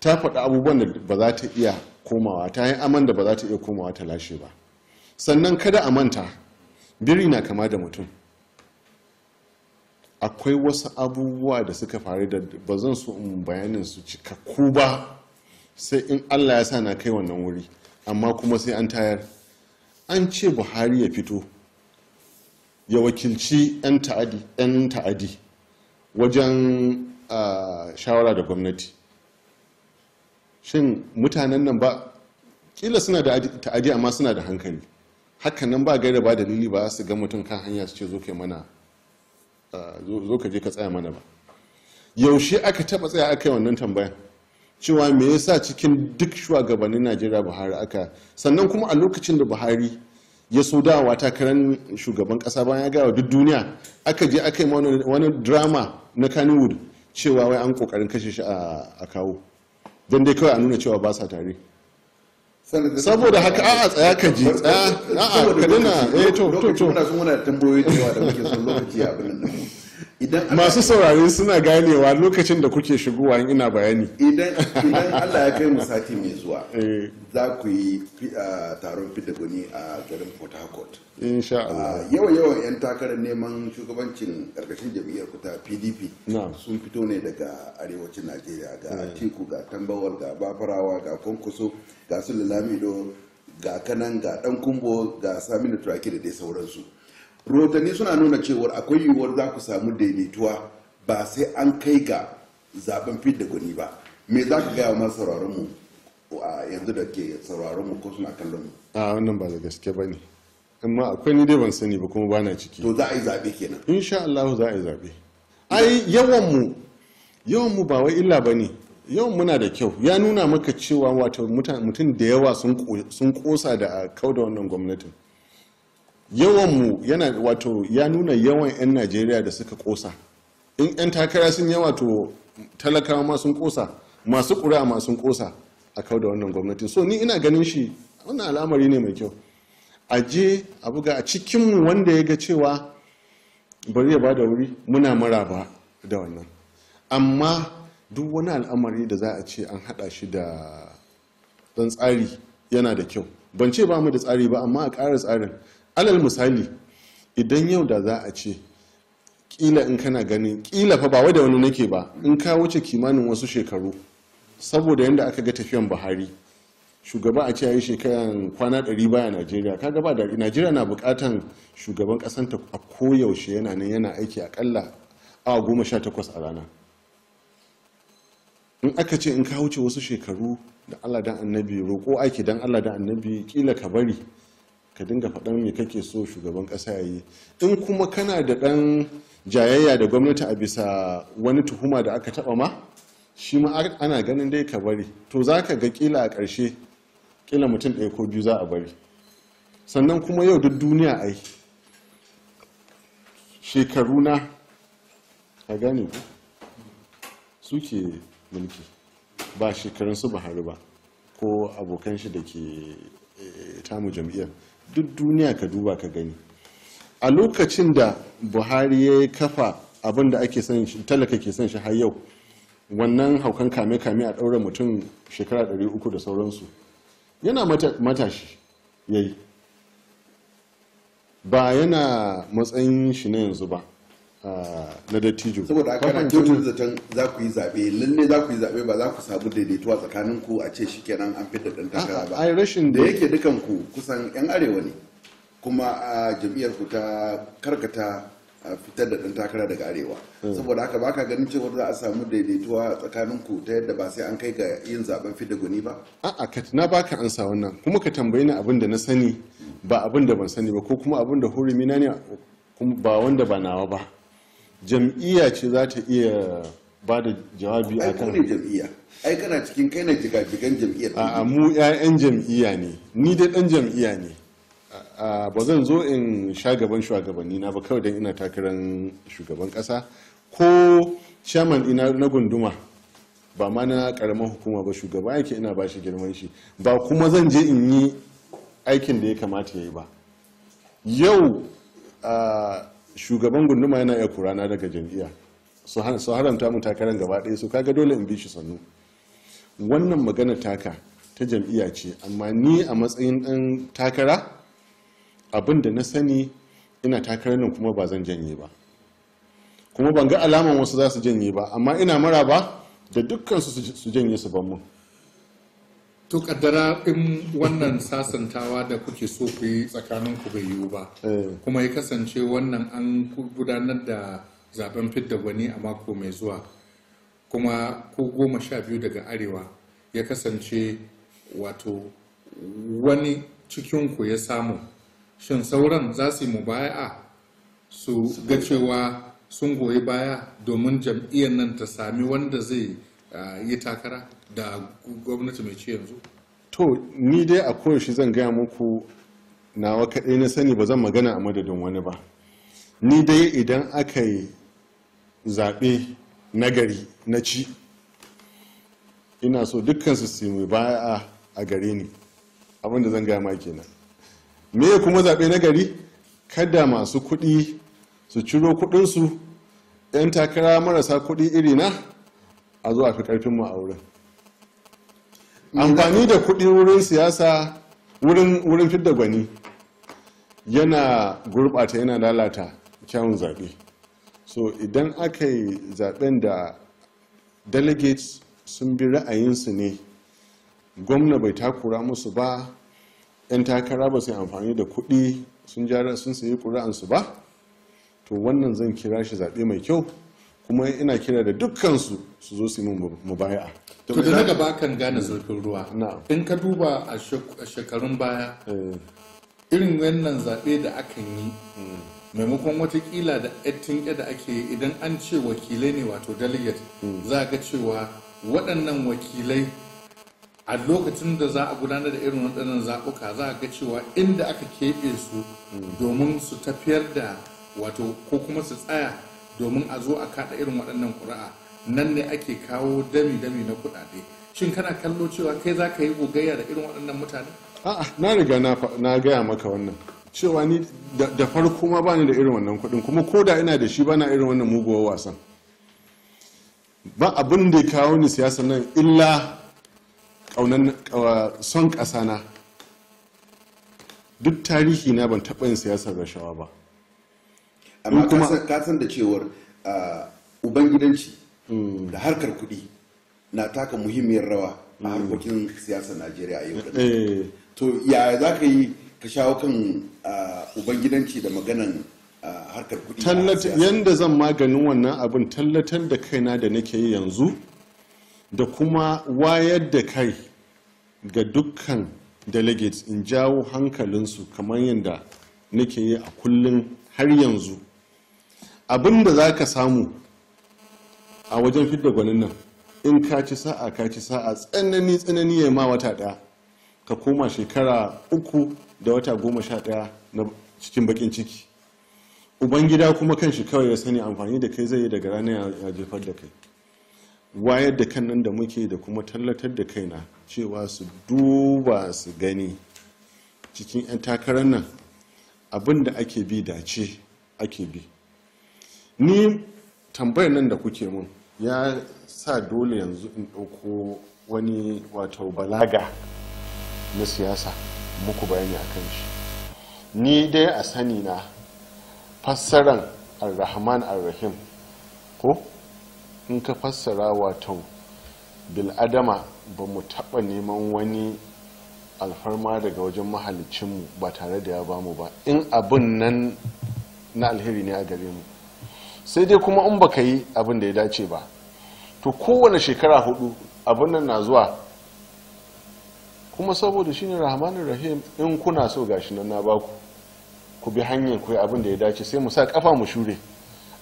ta faɗi abubuwan da ba za ta iya komawa ta yi aman da ba za ta iya komawa ta lashe ba sannan kada a manta biri na kama da mutum akwai wasu abubuwa da suka faru da ba zan so in bayanin su cikakku ba sai in allah ya sa na kai wannan wuri amma kuma sai an tayar an ce buhari ya fito ya wakilci 'yan ta'adi wajen shawara da gwamnati shin mutanen nan ba kila suna da ta'adi amma suna da hankali nan ba gaira ba dalili ba su ga mutum kan hanya su ce zo ka mana zo ka je ka tsaya mana ba yaushe aka taba tsaya aka yi wannan tambayan cewa me yasa cikin duk shugabannin najeriya buhari aka sannan kuma a lokacin da buhari ya so dawa takarar shugaban kasa bayan ya gawa duk duniya aka je aka yi wani drama na kannywood cewa wai an kokarin kashe shi a kawo don dai kawai a nuna cewa ba sa tare saboda haka a tsaya ka ji tsaya a ka dina eh to to to muna son muna tambayoyi da da muke son lokaci a abin nan masu saurari suna ganewa lokacin da kuke shigowa ina bayani idan allah ya kai mu sati mai zuwa eh. za ku yi ah, taron fidda goni a garin port harcourt ah, yawan yawan 'yan takarar neman shugabancin karkashin jam'iyyar kuta pdp sun fito ne daga arewacin najeriya ga eh. tiku ga tambawar ga bafarawa ga kwankwaso ga su lamido ga kanan ga dan kumbo ga saminu turaki da dai sauransu rahotanni suna nuna cewar akwai yiwuwar za ku samu daidaituwa ba sai an kai ga zaben da gwani ba me za ka gaya masu sauraron mu yanzu da ke sauraron mu ko suna kallon mu a wannan ba da gaske ba ne amma akwai ni dai ban sani ba kuma bana ciki to za a yi zaɓe kenan insha Allah za a yi zaɓe ai yawan mu yawan mu ba wai illa ba ne yawan muna da kyau ya nuna maka cewa wato mutum da yawa sun kosa da kauda wannan gwamnatin yawanmu yana wato ya nuna yawan 'yan najeriya da suka kosa in 'yan takara sun yawa to talakawa masu kosa masu kura masu sun kosa a kau da wannan gwamnatin so ni ina ganin shi wannan al'amari ne mai kyau a je a buga a cikinmu wanda ya ga cewa bari ya ba da wuri muna ba da wannan amma duk wani al'amari da za a ce an haɗa shi da dan tsari yana da kyau ban ce ba mu da tsari ba amma a ƙara tsarin alal misali idan yau da za a ce kila in kana ganin kila fa ba wai da wani nake ba in ka wuce kimanin wasu shekaru saboda yadda aka ga tafiyan buhari shugaba a ce yi shekaran kwana 100 baya najeriya kaga ba da najeriya na bukatan shugaban kasanta a koyaushe yana nan yana aiki akalla awa goma sha takwas a rana in aka ce in ka wuce wasu shekaru da allah dan annabi roƙo aiki dan allah dan annabi kila ka bari ka dinga faɗan me kake so shugaban ƙasa ya yi in kuma kana da ɗan jayayya da gwamnati a bisa wani tuhuma da aka taɓa ma shi ma ana ganin dai ka bari to za ka ga ƙila a ƙarshe ƙila mutum ɗaya ko biyu za a bari sannan kuma yau duk duniya a yi shekaru na a gane ku suke mulki ba shekarun su buhari ba ko abokan shi da ke eh, tamu jam'iyyar duk duniya ka duba ka gani a lokacin da buhari ya kafa abin da ake san talaka ke san shi har yau wannan haukan kame-kame a ɗaure mutum shekara 300 da sauransu yana matashi ya yi ba yana matsayin shi na yanzu ba Ah. na dattijo saboda aka na kyautun zaton za ku yi zaɓe lalle za ku yi zaɓe ba za ku samu daidaituwa tsakanin ku a ce shi kenan an fitar ɗan takara ba da yake dukan ku kusan yan arewa ne kuma a jam'iyyar ku ta karkata fitar da ɗan takara daga arewa hmm. saboda haka baka ganin cewa za a samu daidaituwa tsakanin ku ta yadda ba sai an kai ga yin zaben fidda guni ba a'a ka na baka ansa wannan kuma ka tambayi ni abin da na sani ba abin da ban sani ba ko kuma abin da hurumi na ne ba wanda ba nawa ba jam'iyya ce za ta iya ba da jawabi a kan ai jam'iyya ai kana cikin kai na jigajigan jam'iyya. a mu 'ya'yan jam'iyya ne ni da dan jam'iyya ne ba zan zo in sha gaban shugabanni na ba kawai dan ina takarar shugaban kasa ko chairman ina na gunduma ba ma na karamar hukuma ba shugaba yake ina ba shi girman shi ba kuma zan je in yi aikin da ya kamata ya yi ba yau shugaban gunduma yana iya kurana daga jam'iyya su haramta mu takarar gaba ɗaya su kaga dole in bi shi sannu wannan magana taka ta jam'iyya ce amma ni a matsayin ɗan takara abin da na sani ina takarar nan kuma ba zan janye ba kuma ban ga alaman wasu za su janye ba amma ina mara ba da dukkan su janye su ban mun to kaddara in wannan sasantawa da kuke so ku yi tsakanin ku bai yiwu ba eh. kuma ya kasance wannan an gudanar da zaben fidda gwani a mako mai zuwa kuma ko goma sha biyu daga arewa ya kasance wato wani cikin ku ya samu shin sauran za su yi mubaya'a su ga cewa sun goyi baya domin jam'iyyar nan ta sami wanda zai yi takara da gwamnati mai ci yanzu to ni dai a koyaushe zan gaya muku nawa kaɗai na sani ba zan magana a madadin wani ba ni dai idan aka yi zaɓe na gari na ci ina so dukkan su su baya a gare ni abinda zan gaya ma kenan me kuma zaɓe nagari? kada masu kuɗi su ciro kuɗinsu 'yan takara marasa kuɗi irina a zuwa fi karfin mu a wurin amfani da kuɗi wurin siyasa wurin fidda gwani yana gurɓata yana lalata kyawun zaɓe so idan aka yi zaɓen da delegates sun bi ra'ayinsu ne gwamna bai takura musu ba 'yan takara ba su amfani da kuɗi sun jara sun sayi kura'ansu ba to wannan zan kira shi zaɓe mai kyau kuma ina kira da dukkansu su zo su yi min mubaya'a to da na bakan gane zurfin ruwa in ka duba a shekarun baya eh. irin wannan zaɓe da akan yi hmm. maimakon watakila da ettin da ake idan an ce wakilai ne wato delegate hmm. za ga cewa waɗannan wakilai a lokacin da za a gudanar da irin waɗannan zaɓuka za a ga cewa inda aka keɓe su hmm. domin su tafiyar da wato ko kuma su tsaya domin a zo a kada irin waɗannan ƙura'a nan ne ake kawo dami-dami na kuɗaɗe shin kana kallo cewa kai za ka yi gogayya da irin waɗannan mutane a'a na riga na gaya maka wannan cewa ni da farko ma bani da irin wannan kuɗin kuma ko da ina da shi bana irin wannan muguwar wasan ba abin da ya kawo ni siyasa nan illa son ƙasana duk tarihi na ban taɓa yin siyasar rashawa ba amma ka san da cewar ubangidanci hmm. da harkar kuɗi na taka muhimmiyar rawa a hmm. harkokin siyasar najeriya a yau da eh. to ya za ka yi ka shawo kan ubangidanci da maganan harkar kuɗi yadda zan maganin wannan abin tallatan da kaina da nake yi yanzu da kuma wayar da kai ga dukkan delegates in jawo hankalinsu kamar yadda nake yi a kullum har yanzu abin da za ka samu a wajen fidda gwanin nan in ka ci sa'a ka ci sa'a tsanani tsanani ya ma wata ɗaya ka koma shekara uku da wata goma sha ɗaya na cikin bakin ciki ubangida kuma kan shi kawai ya sani amfani da kai zai yi daga rana ya jefar da kai wayar da kan nan da muke da kuma tallatar da na cewa su duba su gani cikin 'yan takarar nan abin da ake bi dace ake bi ni tambayar nan da kuke mun ya sa dole yanzu in ɗauko wani wato balaga na siyasa muku bayani a kan shi ni dai a sani na fassaran arrahman arrahim ko in ka fassara wato bil'adama ba mu taɓa neman wani alfarma daga wajen mahalicinmu ba tare da ya bamu ba in abin nan na alheri ne a gare mu sai dai kuma in baka yi abin da ya dace ba to kowane shekara hudu abin nan na zuwa kuma saboda shine rahmanin rahim in kuna so gashi nan na baku ku bi hanyar ku abin da ya dace sai mu sa kafa mu shure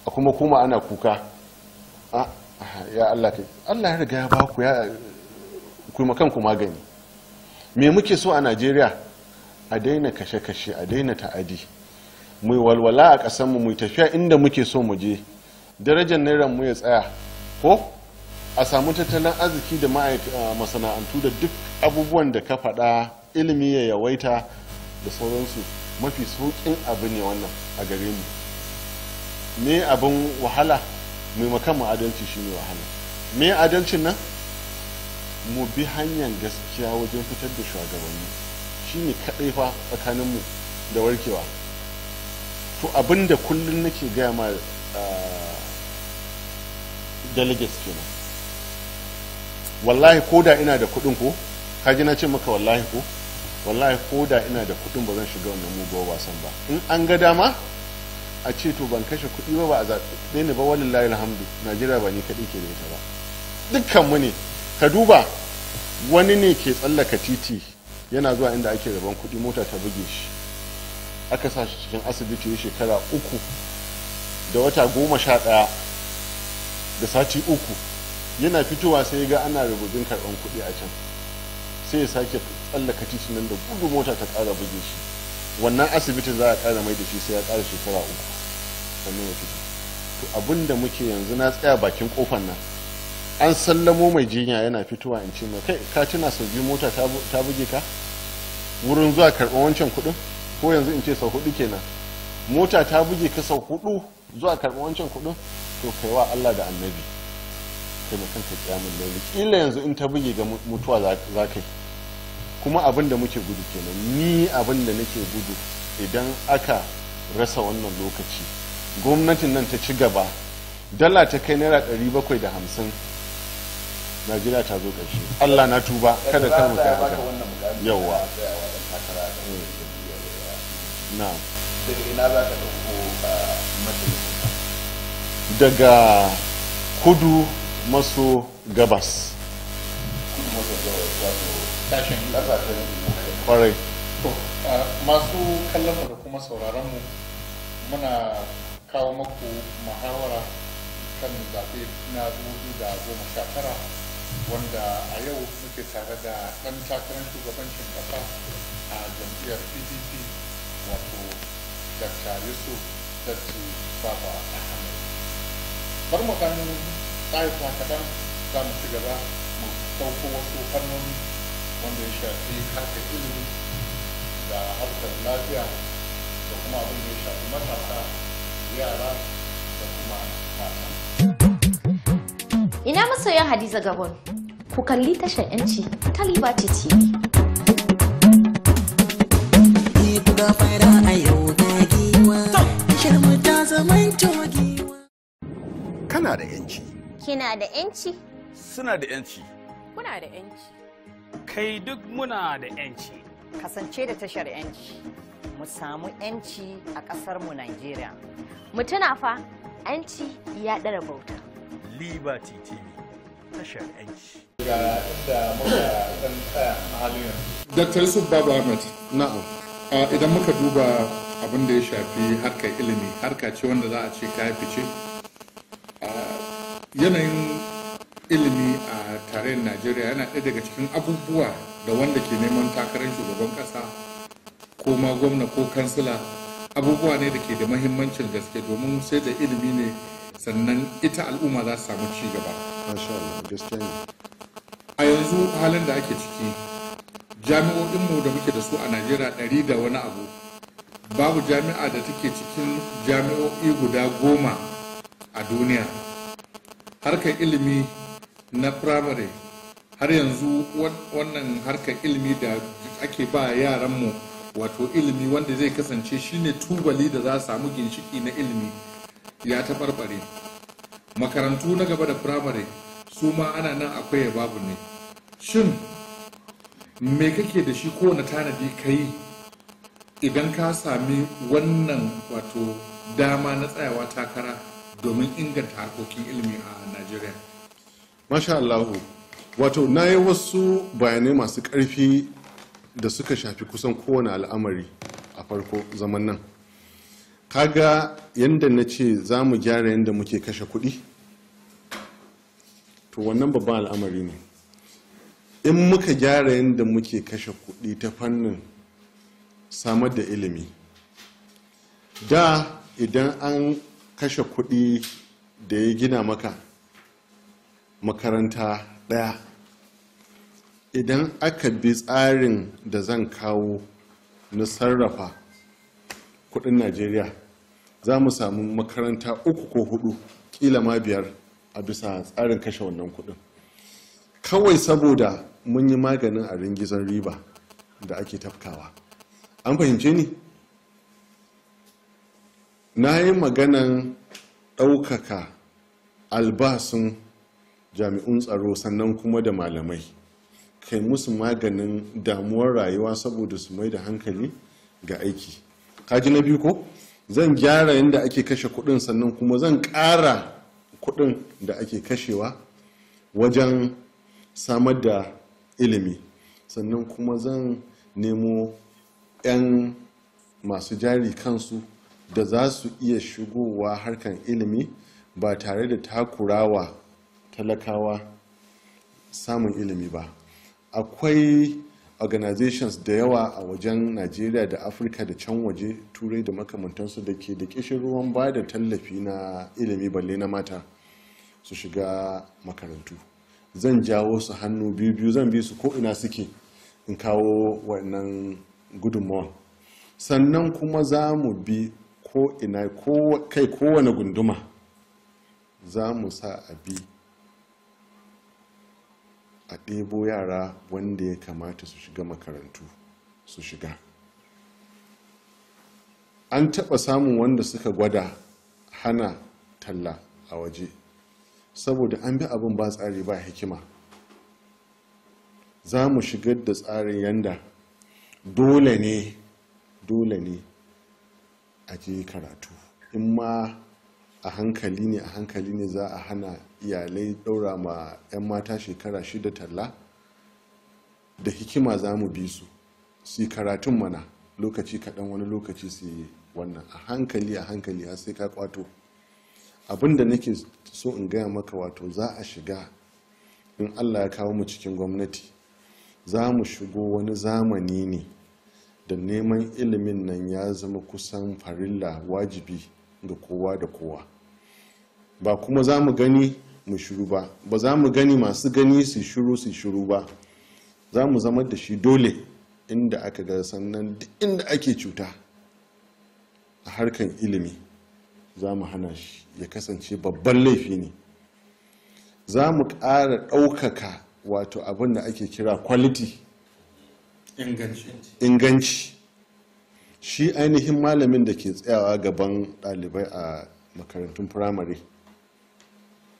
a kuma kuma ana kuka ya Allah kai Allah ya riga ya baku ya ku makan magani me muke so a Najeriya a daina kashe-kashe a daina ta'adi mu walwala a ƙasar mu tafiya inda muke so mu je darajar naira mu ya tsaya ko a samu tattalin arziki da ah, masana'antu da duk abubuwan da ka faɗa ilimi ya yawaita da sauransu mafi sauƙin abu ne wannan a gare mu me abin wahala makan mu adalci ne wahala me adalcin nan mu bi hanyar gaskiya wajen fitar da shugabanni Shi ne kaɗai fa tsakaninmu da warkewa to abinda kullum nake gaya ma ah, delegates kenan wallahi ko da ina da kuɗin ko kaji na ce maka wallahi ko wallahi ko da ina da kuɗin ba zan shiga wannan muguwar wasan ba in an ga dama a ce to ban kashe kuɗi ba ba a ɗaya ne ba wani walillahi alhamdu najeriya ba ni kaɗi ke da ita ba dukkan mu ne ka duba wani ne ke tsallaka titi yana zuwa inda ake rabon kuɗi mota ta buge shi aka sa shi cikin asibiti ya shekara uku da wata goma sha ɗaya da sati uku yana fitowa sai ga ana rubutun karɓan kuɗi a can sai ya sake tsallaka titi nan da gudu mota ta ƙara buge shi wannan asibitin za a ƙara mai da shi sai ya ƙara shekara uku sannan ya fito to abin da muke yanzu na tsaya bakin kofan nan an sallamo mai jinya yana fitowa in ce mai kai ka tuna sau biyu mota ta buge ka wurin zuwa karɓar wancan kuɗin ko yanzu in ce sau hudu kenan mota ta buge ka sau hudu zuwa karɓi wancan kuɗin to wa Allah da annabi kai ka kanka kiyamun laili kila yanzu in ta buge ga mutuwa za ka yi kuma abin da muke gudu kenan ni abin da nake gudu idan aka rasa wannan lokaci gwamnatin nan ta ci gaba dala ta kai naira bakwai da ɗari hamsin najeriya ta zo ƙarshe allah na tuba kada ta muka haka yawwa. daga ina za ɗauko ah, daga kudu maso gabas kwarai ah, masu kallon da kuma sauraron mu muna kawo maku muhawara kan zaɓe na da goma sha tara wanda a yau muke tare da ɗan takarar shugabancin ƙasa a jam'iyyar pdp wato dakta yusuf datti baba ahmed bar mu kan tsayuwa kaɗan za mu ci gaba mu ɗauko wasu fannoni wanda ya shafi harkar ilimi da harkar lafiya da kuma abin da ya shafi matasa yara da kuma mata ina masoyan hadiza gabon ku kalli tashar yanci ta liba ce duk ga a yau giwa tashar mu ta zaman giwa kana da yanci kina da yanci suna da yanci kuna da yanci kai duk muna da yanci kasance da tashar yanci mu samu yanci a kasar mu Najeriya mu tuna fa yanci ya ɗara bauta liberty tv tashar yanci ga da muka san tsaya a halin yanzu Dr. Yusuf Babu Ahmed, na'am. idan muka duba abin da ya shafi harkar ilimi harka ce wanda za a ce ka fice yanayin ilimi a tarayyar najeriya yana ɗaya daga cikin abubuwa da wanda ke neman takarar shugaban ƙasa ko ma gwamna ko kansila abubuwa ne da ke da mahimmancin gaske domin sai da ilimi ne sannan ita al'umma za su samu ci gaba a yanzu halin da ake ciki jami'o'inmu da muke da su a najeriya ɗari da wani abu babu jami'a da take cikin jami'o'i guda goma a duniya harkar ilimi na firamare har yanzu wannan harkar ilimi da ake ba yaranmu wato ilimi wanda zai kasance shine tubali da za samu ginshiki na ilimi ya taɓarɓare makarantu na gaba da firamare su ma ana nan akwai ya babu ne shin me kake da shi kowane tanadi ka yi idan ka sami wannan wato dama na tsayawa takara domin inganta harkokin ilimi a najeriya masha allahu wato na yi wasu bayanai masu ƙarfi da suka shafi kusan kowane al'amari a farko zaman nan kaga yadda na ce za mu gyara yadda muke kashe kuɗi to wannan babban al'amari ne in muka gyara yadda muke kashe kuɗi ta fannin samar da ilimi da idan an kashe kuɗi da ya gina maka makaranta ɗaya idan aka bi tsarin da zan kawo na sarrafa kuɗin najeriya za mu samu makaranta uku ko hudu kila ma biyar a bisa tsarin kashe wannan kuɗin kawai saboda mun yi maganin a ringizan riba da ake tafkawa an fahimce ni na yi maganan ɗaukaka albasun jami'un tsaro sannan kuma da malamai kai musu maganin damuwar rayuwa saboda su mai da hankali ga aiki kaji na biyu ko zan gyara yadda ake kashe kudin sannan kuma zan ƙara kudin da ake kashewa wajen samar da ilimi sannan kuma zan nemo 'yan masu jari kansu da za su iya shigowa harkan ilimi ba tare da takurawa talakawa samun ilimi ba akwai organizations da yawa a wajen najeriya da afirka da can waje turai da makamantansu da ke da kishin ruwan ba da tallafi na ilimi balle na mata su shiga makarantu zan jawo su hannu biyu biyu zan bi su ko'ina suke in kawo wannan gudunmawa sannan kuma za mu bi ko kai kowane gunduma za mu sa a bi a ɗebo yara wanda ya kamata su shiga makarantu su shiga an taɓa samun wanda suka gwada hana talla a waje saboda an bi abin ba tsari ba hikima za mu shigar da tsarin yanda dole ne dole ne a je karatu in ma a hankali ne a hankali ne za a hana iyalai ɗaura ma 'yan mata shekara shida talla da hikima za mu bi su su karatun mana lokaci kaɗan wani lokaci su yi wannan a hankali a hankali a sai ka kwato abinda nake so in gaya maka wato za a shiga in allah ya kawo mu cikin gwamnati za mu shigo wani zamani ne da neman ilimin nan ya zama kusan farilla wajibi ga kowa da kowa ba kuma za mu gani mu shiru ba ba za mu gani masu gani su shiru su shiru ba za mu zama da shi dole inda aka ga sannan inda ake cuta a harkan ilimi za mu hana shi ya kasance babban laifi ne za mu ƙara ɗaukaka wato abin da ake kira quality inganci shi ainihin malamin da ke tsayawa gaban ɗalibai a makarantun firamare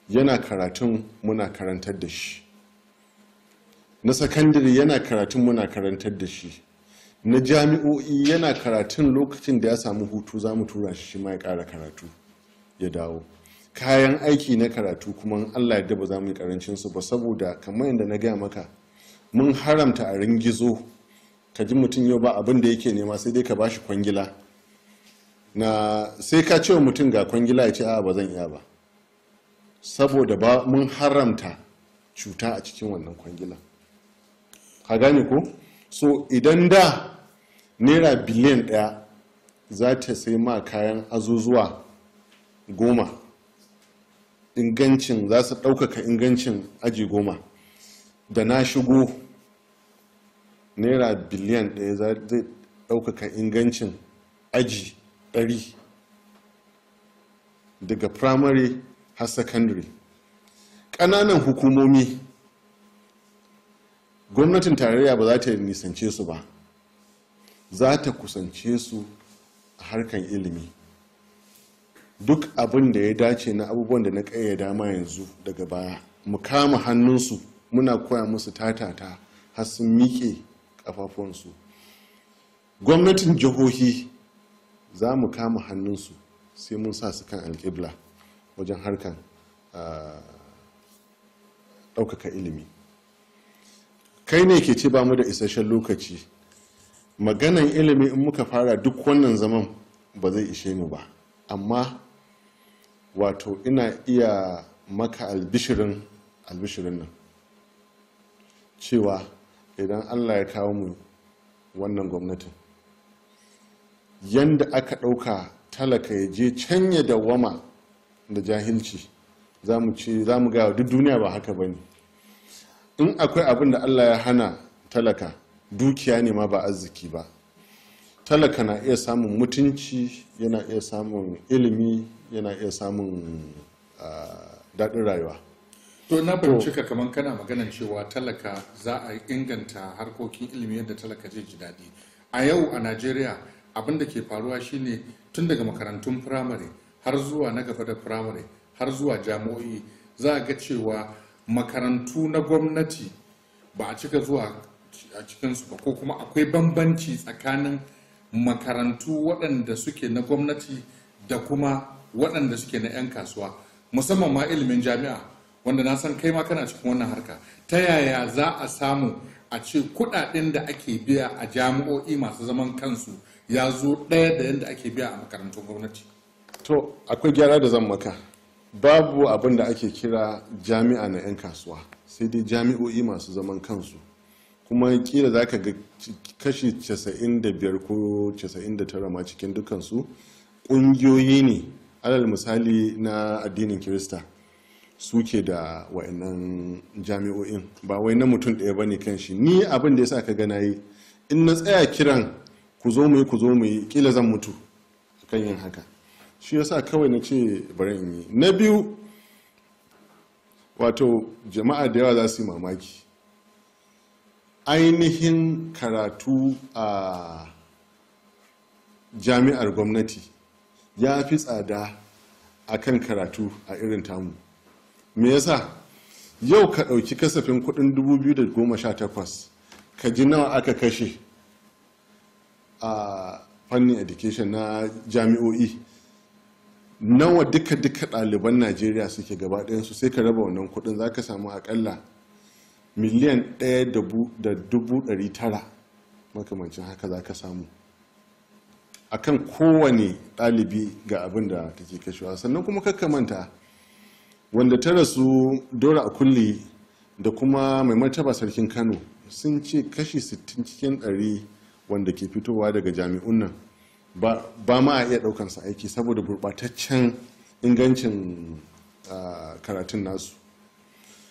yana karatun muna karantar da shi na sakandare yana karatun muna karantar da shi na jami'o'i yana karatun lokacin da ya samu hutu za mu tura shi shi ma ya ƙara karatu ya dawo kayan aiki na karatu kuma allah yadda ba za mu yi karancin su ba saboda kamar yadda na gaya maka mun haramta a ringizo ka ji mutum yau ba abin da yake nema sai dai ka bashi kwangila na sai ka ce wa mutum ga kwangila ya ce a ba zan iya ba saboda ba mun haramta cuta a cikin wannan kwangila ka gane ko so idan da naira biliyan ɗaya za ta sai ma kayan azuzuwa goma ingancin za su ɗaukaka ingancin aji goma da na shigo naira biliyan ɗaya ta ɗaukaka ingancin aji ɗari daga primary har secondary ƙananan hukumomi gwamnatin tarayya ba za ta nisance su ba za ta kusance su a harkan ilimi duk abin da ya dace na abubuwan da na ƙayyada dama yanzu daga baya mu kama hannunsu muna koya musu tatata har sun miƙe ƙafafuwansu gwamnatin jihohi za mu kama hannunsu sai mun sa su kan alƙibla wajen harkan ɗaukaka ilimi kai ne ke ce ba mu da isasshen lokaci maganan ilimi in muka fara duk wannan zaman ba zai ishe mu ba amma wato ina iya maka albishirin albishirin nan cewa idan allah ya kawo mu wannan gwamnatin yadda aka ɗauka talaka ya je can ya dawama da jahilci za mu ce za mu duk duniya ba haka ba ne in akwai abin da allah ya hana talaka dukiya ne ma ba arziki ba talaka na iya samun mutunci yana iya samun ilimi yana iya samun ah, daɗin rayuwa to na fahimci ka kamar kana maganar cewa talaka za a inganta harkokin ilimi yadda talaka zai ji daɗi a yau a najeriya abin da ke faruwa shine tun daga makarantun firamare har zuwa na gaba da firamare har zuwa jami'o'i za a ga cewa makarantu na gwamnati ba a cika zuwa a cikinsu ba ko kuma akwai bambanci tsakanin makarantu waɗanda suke na gwamnati da kuma waɗanda suke na 'yan kasuwa musamman ma ilimin jami'a wanda na san kai ma kana cikin wannan harka ta yaya za a samu a ce kuɗaɗen da ake biya a jami'o'i masu zaman kansu ya zo ɗaya da yadda ake biya a makarantun gwamnati to akwai gyara da zan maka babu abin da ake kira jami'a na 'yan kasuwa sai dai jami'o'i masu zaman kansu kuma kila za ka ga kashi 95 ko 99 ma cikin dukansu ƙungiyoyi ne alal misali na addinin kirista suke da wa'annan jami'o'in ba wai na mutum ɗaya ba ne kan shi ni abin da ya sa ka gana yi in na tsaya kiran ku zo mu yi ku zo mu yi kila zan mutu kan yin haka shi ya sa kawai na ce bari in yi na biyu wato jama'a da yawa za su yi mamaki ainihin karatu a jami'ar gwamnati ya fi tsada a kan karatu a irin tamu me yasa yau ka ɗauki kasafin kudin 2018 ka ji nawa aka kashe a fannin education na jami'o'i nawa duka-duka ɗaliban najeriya suke gaba ɗayansu sai ka raba wannan kudin za ka samu akalla miliyan ɗaya da dubu ɗari makamancin haka za ka samu a kan kowane ɗalibi ga abin da take kashewa sannan kuma manta wanda ta rasu dora a kulli da kuma mai martaba sarkin kano sun ce kashi 60 cikin 100 wanda ke fitowa daga jami'un nan ba ma a iya ɗaukansa aiki saboda gurɓataccen ingancin ah, karatun nasu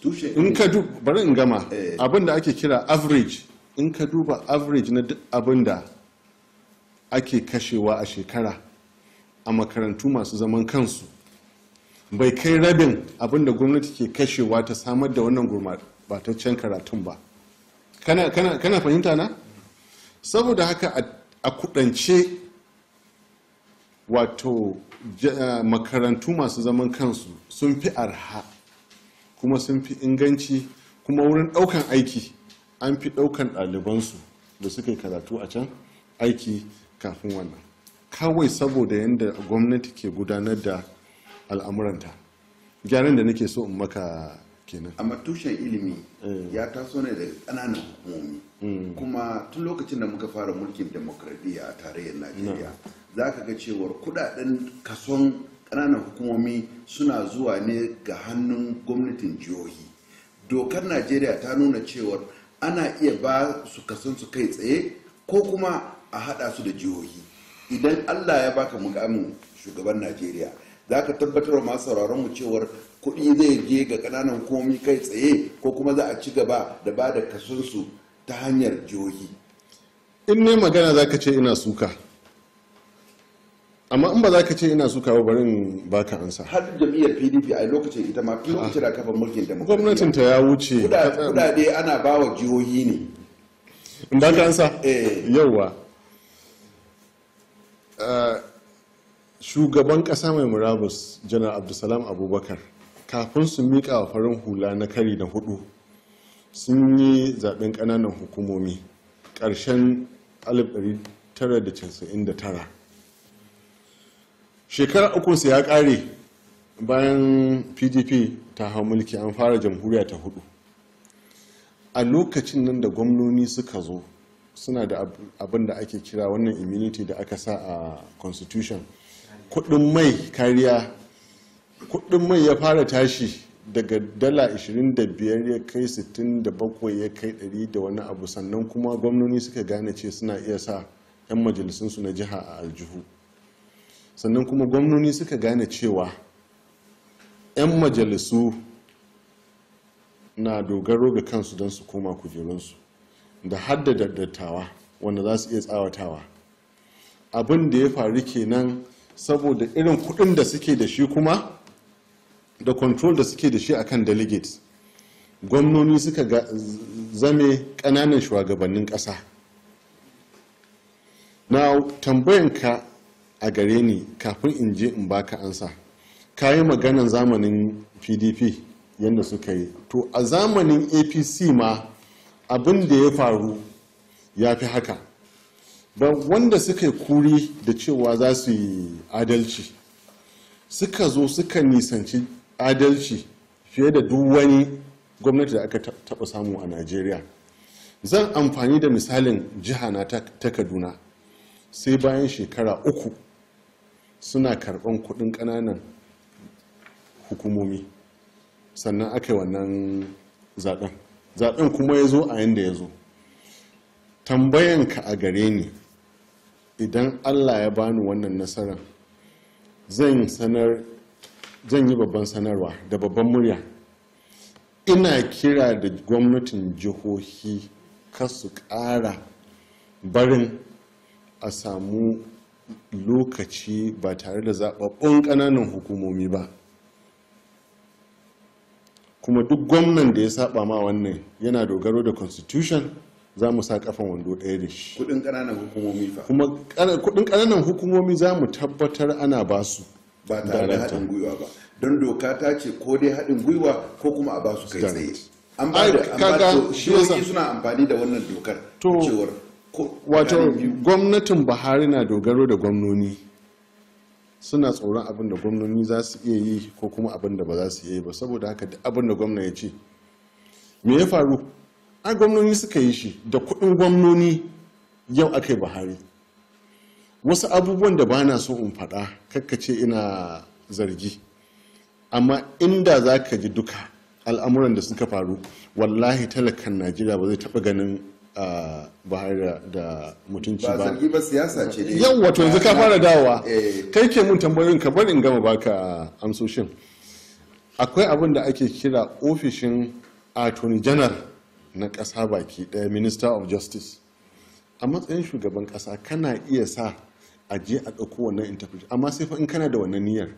in ka duba bari in gama eh. abin ake kira average in ka duba average na duk abin da ake kashewa a shekara a makarantu masu zaman kansu bai kai rabin abin da gwamnati ke kashewa ta samar da wannan gurmataccen karatun ba kana fahimta na saboda haka a kudance wato eh, makarantu masu zaman kansu sun fi arha kuma sun fi inganci kuma wurin ɗaukan aiki an fi ɗaukan ɗalibansu da suka yi karatu a can aiki kafin wannan kawai saboda yadda gwamnati ke gudanar da al'amuranta gyaran da nake so in maka kenan amma tushen ilimi eh. ya taso ne daga ƙananan hukumomi hmm. kuma tun lokacin da muka fara mulkin demokradiyya a tarayyar najeriya za ka ga cewar kudaden kason kananan hukumomi suna zuwa ne ga hannun gwamnatin jihohi dokar najeriya ta nuna cewar ana iya ba su kasansu kai tsaye ko kuma a haɗa su da jihohi idan allah ya baka mukamin shugaban najeriya za ka tabbatar masu sauraron mu cewar kuɗi zai je ga ƙananan hukumomi kai tsaye ko kuma za a ci gaba da ba da kasansu ta hanyar jihohi in ne magana za ka ce ina suka amma in ba za ka ce ina su kawo barin baka ansa har jam'iyyar pdp a lokacin ita ma lokacin da ah. kafa mulkin da gwamnatin ta ya wuce kudade ana ba wa jihohi ne in baka ansa eh. yauwa eh, shugaban kasa mai murabus janar abdulsalam abubakar kafin su miƙa wa farin hula na kari na hudu sun yi zaben ƙananan hukumomi ƙarshen 1999 shekara ukunsa ya kare bayan pdp ta hau mulki an fara jamhuriya ta hudu a lokacin nan da gwamnoni suka zo suna da abin da ake kira wannan immunity da aka sa a constitution kudin mai kariya kudin mai ya fara tashi daga dala 25 ya kai 67 ya kai 100 da wani abu sannan kuma gwamnoni suka gane ce suna iya sa 'yan majalisunsu na jiha a aljihu sannan kuma gwamnoni suka gane cewa 'yan majalisu na dogaro ga kansu don su koma kujerunsu da haddada dattawa wanda za su iya tsawatawa abin da ya faru kenan saboda irin kudin da suke da shi kuma da control da suke da shi akan delegates gwamnoni suka zame kananan shugabannin kasa na tambayanka a gare ni kafin in je in baka ansa ka yi maganan zamanin pdp yadda suka yi to a zamanin apc ma abin da ya faru ya fi haka ba wanda suka yi kuri da cewa za su yi adalci suka zo suka nisanci adalci fiye da duk wani gwamnati da aka taɓa samu a najeriya zan amfani da misalin jiha na ta kaduna sai bayan shekara uku suna karban kudin kananan hukumomi sannan aka yi wannan zaben zaben kuma ya zo a yadda ya zo tambayanka a gare ni idan allah ya bani wannan nasarar zan sanar zan yi babban sanarwa da babban murya ina kira da gwamnatin jihohi kasu ƙara barin a samu lokaci ba tare da zaɓaɓɓun ƙananan hukumomi ba kuma duk gwamnan da ya saba ma wannan yana dogaro da constitution za mu sa kafan wando ɗaya da shi kudin ƙananan hukumomi fa kuma kudin ƙananan hukumomi za mu tabbatar ana ba su ba tare da haɗin gwiwa ba don doka ta ce ko dai haɗin gwiwa ko kuma a ba su kai tsaye an ba da suna amfani da wannan dokar cewar wato gwamnatin buhari na dogaro da gwamnoni suna tsoron abin da gwamnoni za su iya yi ko kuma abin da ba za su iya yi ba saboda haka duk abin da gwamna ya ce me ya faru a gwamnoni suka yi shi da kuɗin gwamnoni yau aka yi buhari wasu abubuwan da ba na so in faɗa kakkace ina zargi amma inda za ka ji duka al'amuran da suka faru wallahi talakan najeriya ba zai taɓa ganin Buhari da mutunci ba. zargi ba siyasa ce ne. Yau wato yanzu ka fara dawowa. Eh. Kai ke mun tambayoyin ka bari in gama baka amsoshin. Akwai abin da ake kira ofishin Attorney General na kasa baki daya Minister of Justice. A matsayin shugaban kasa kana iya sa a je a ɗauko wannan interpretation amma sai fa in kana da wannan niyyar.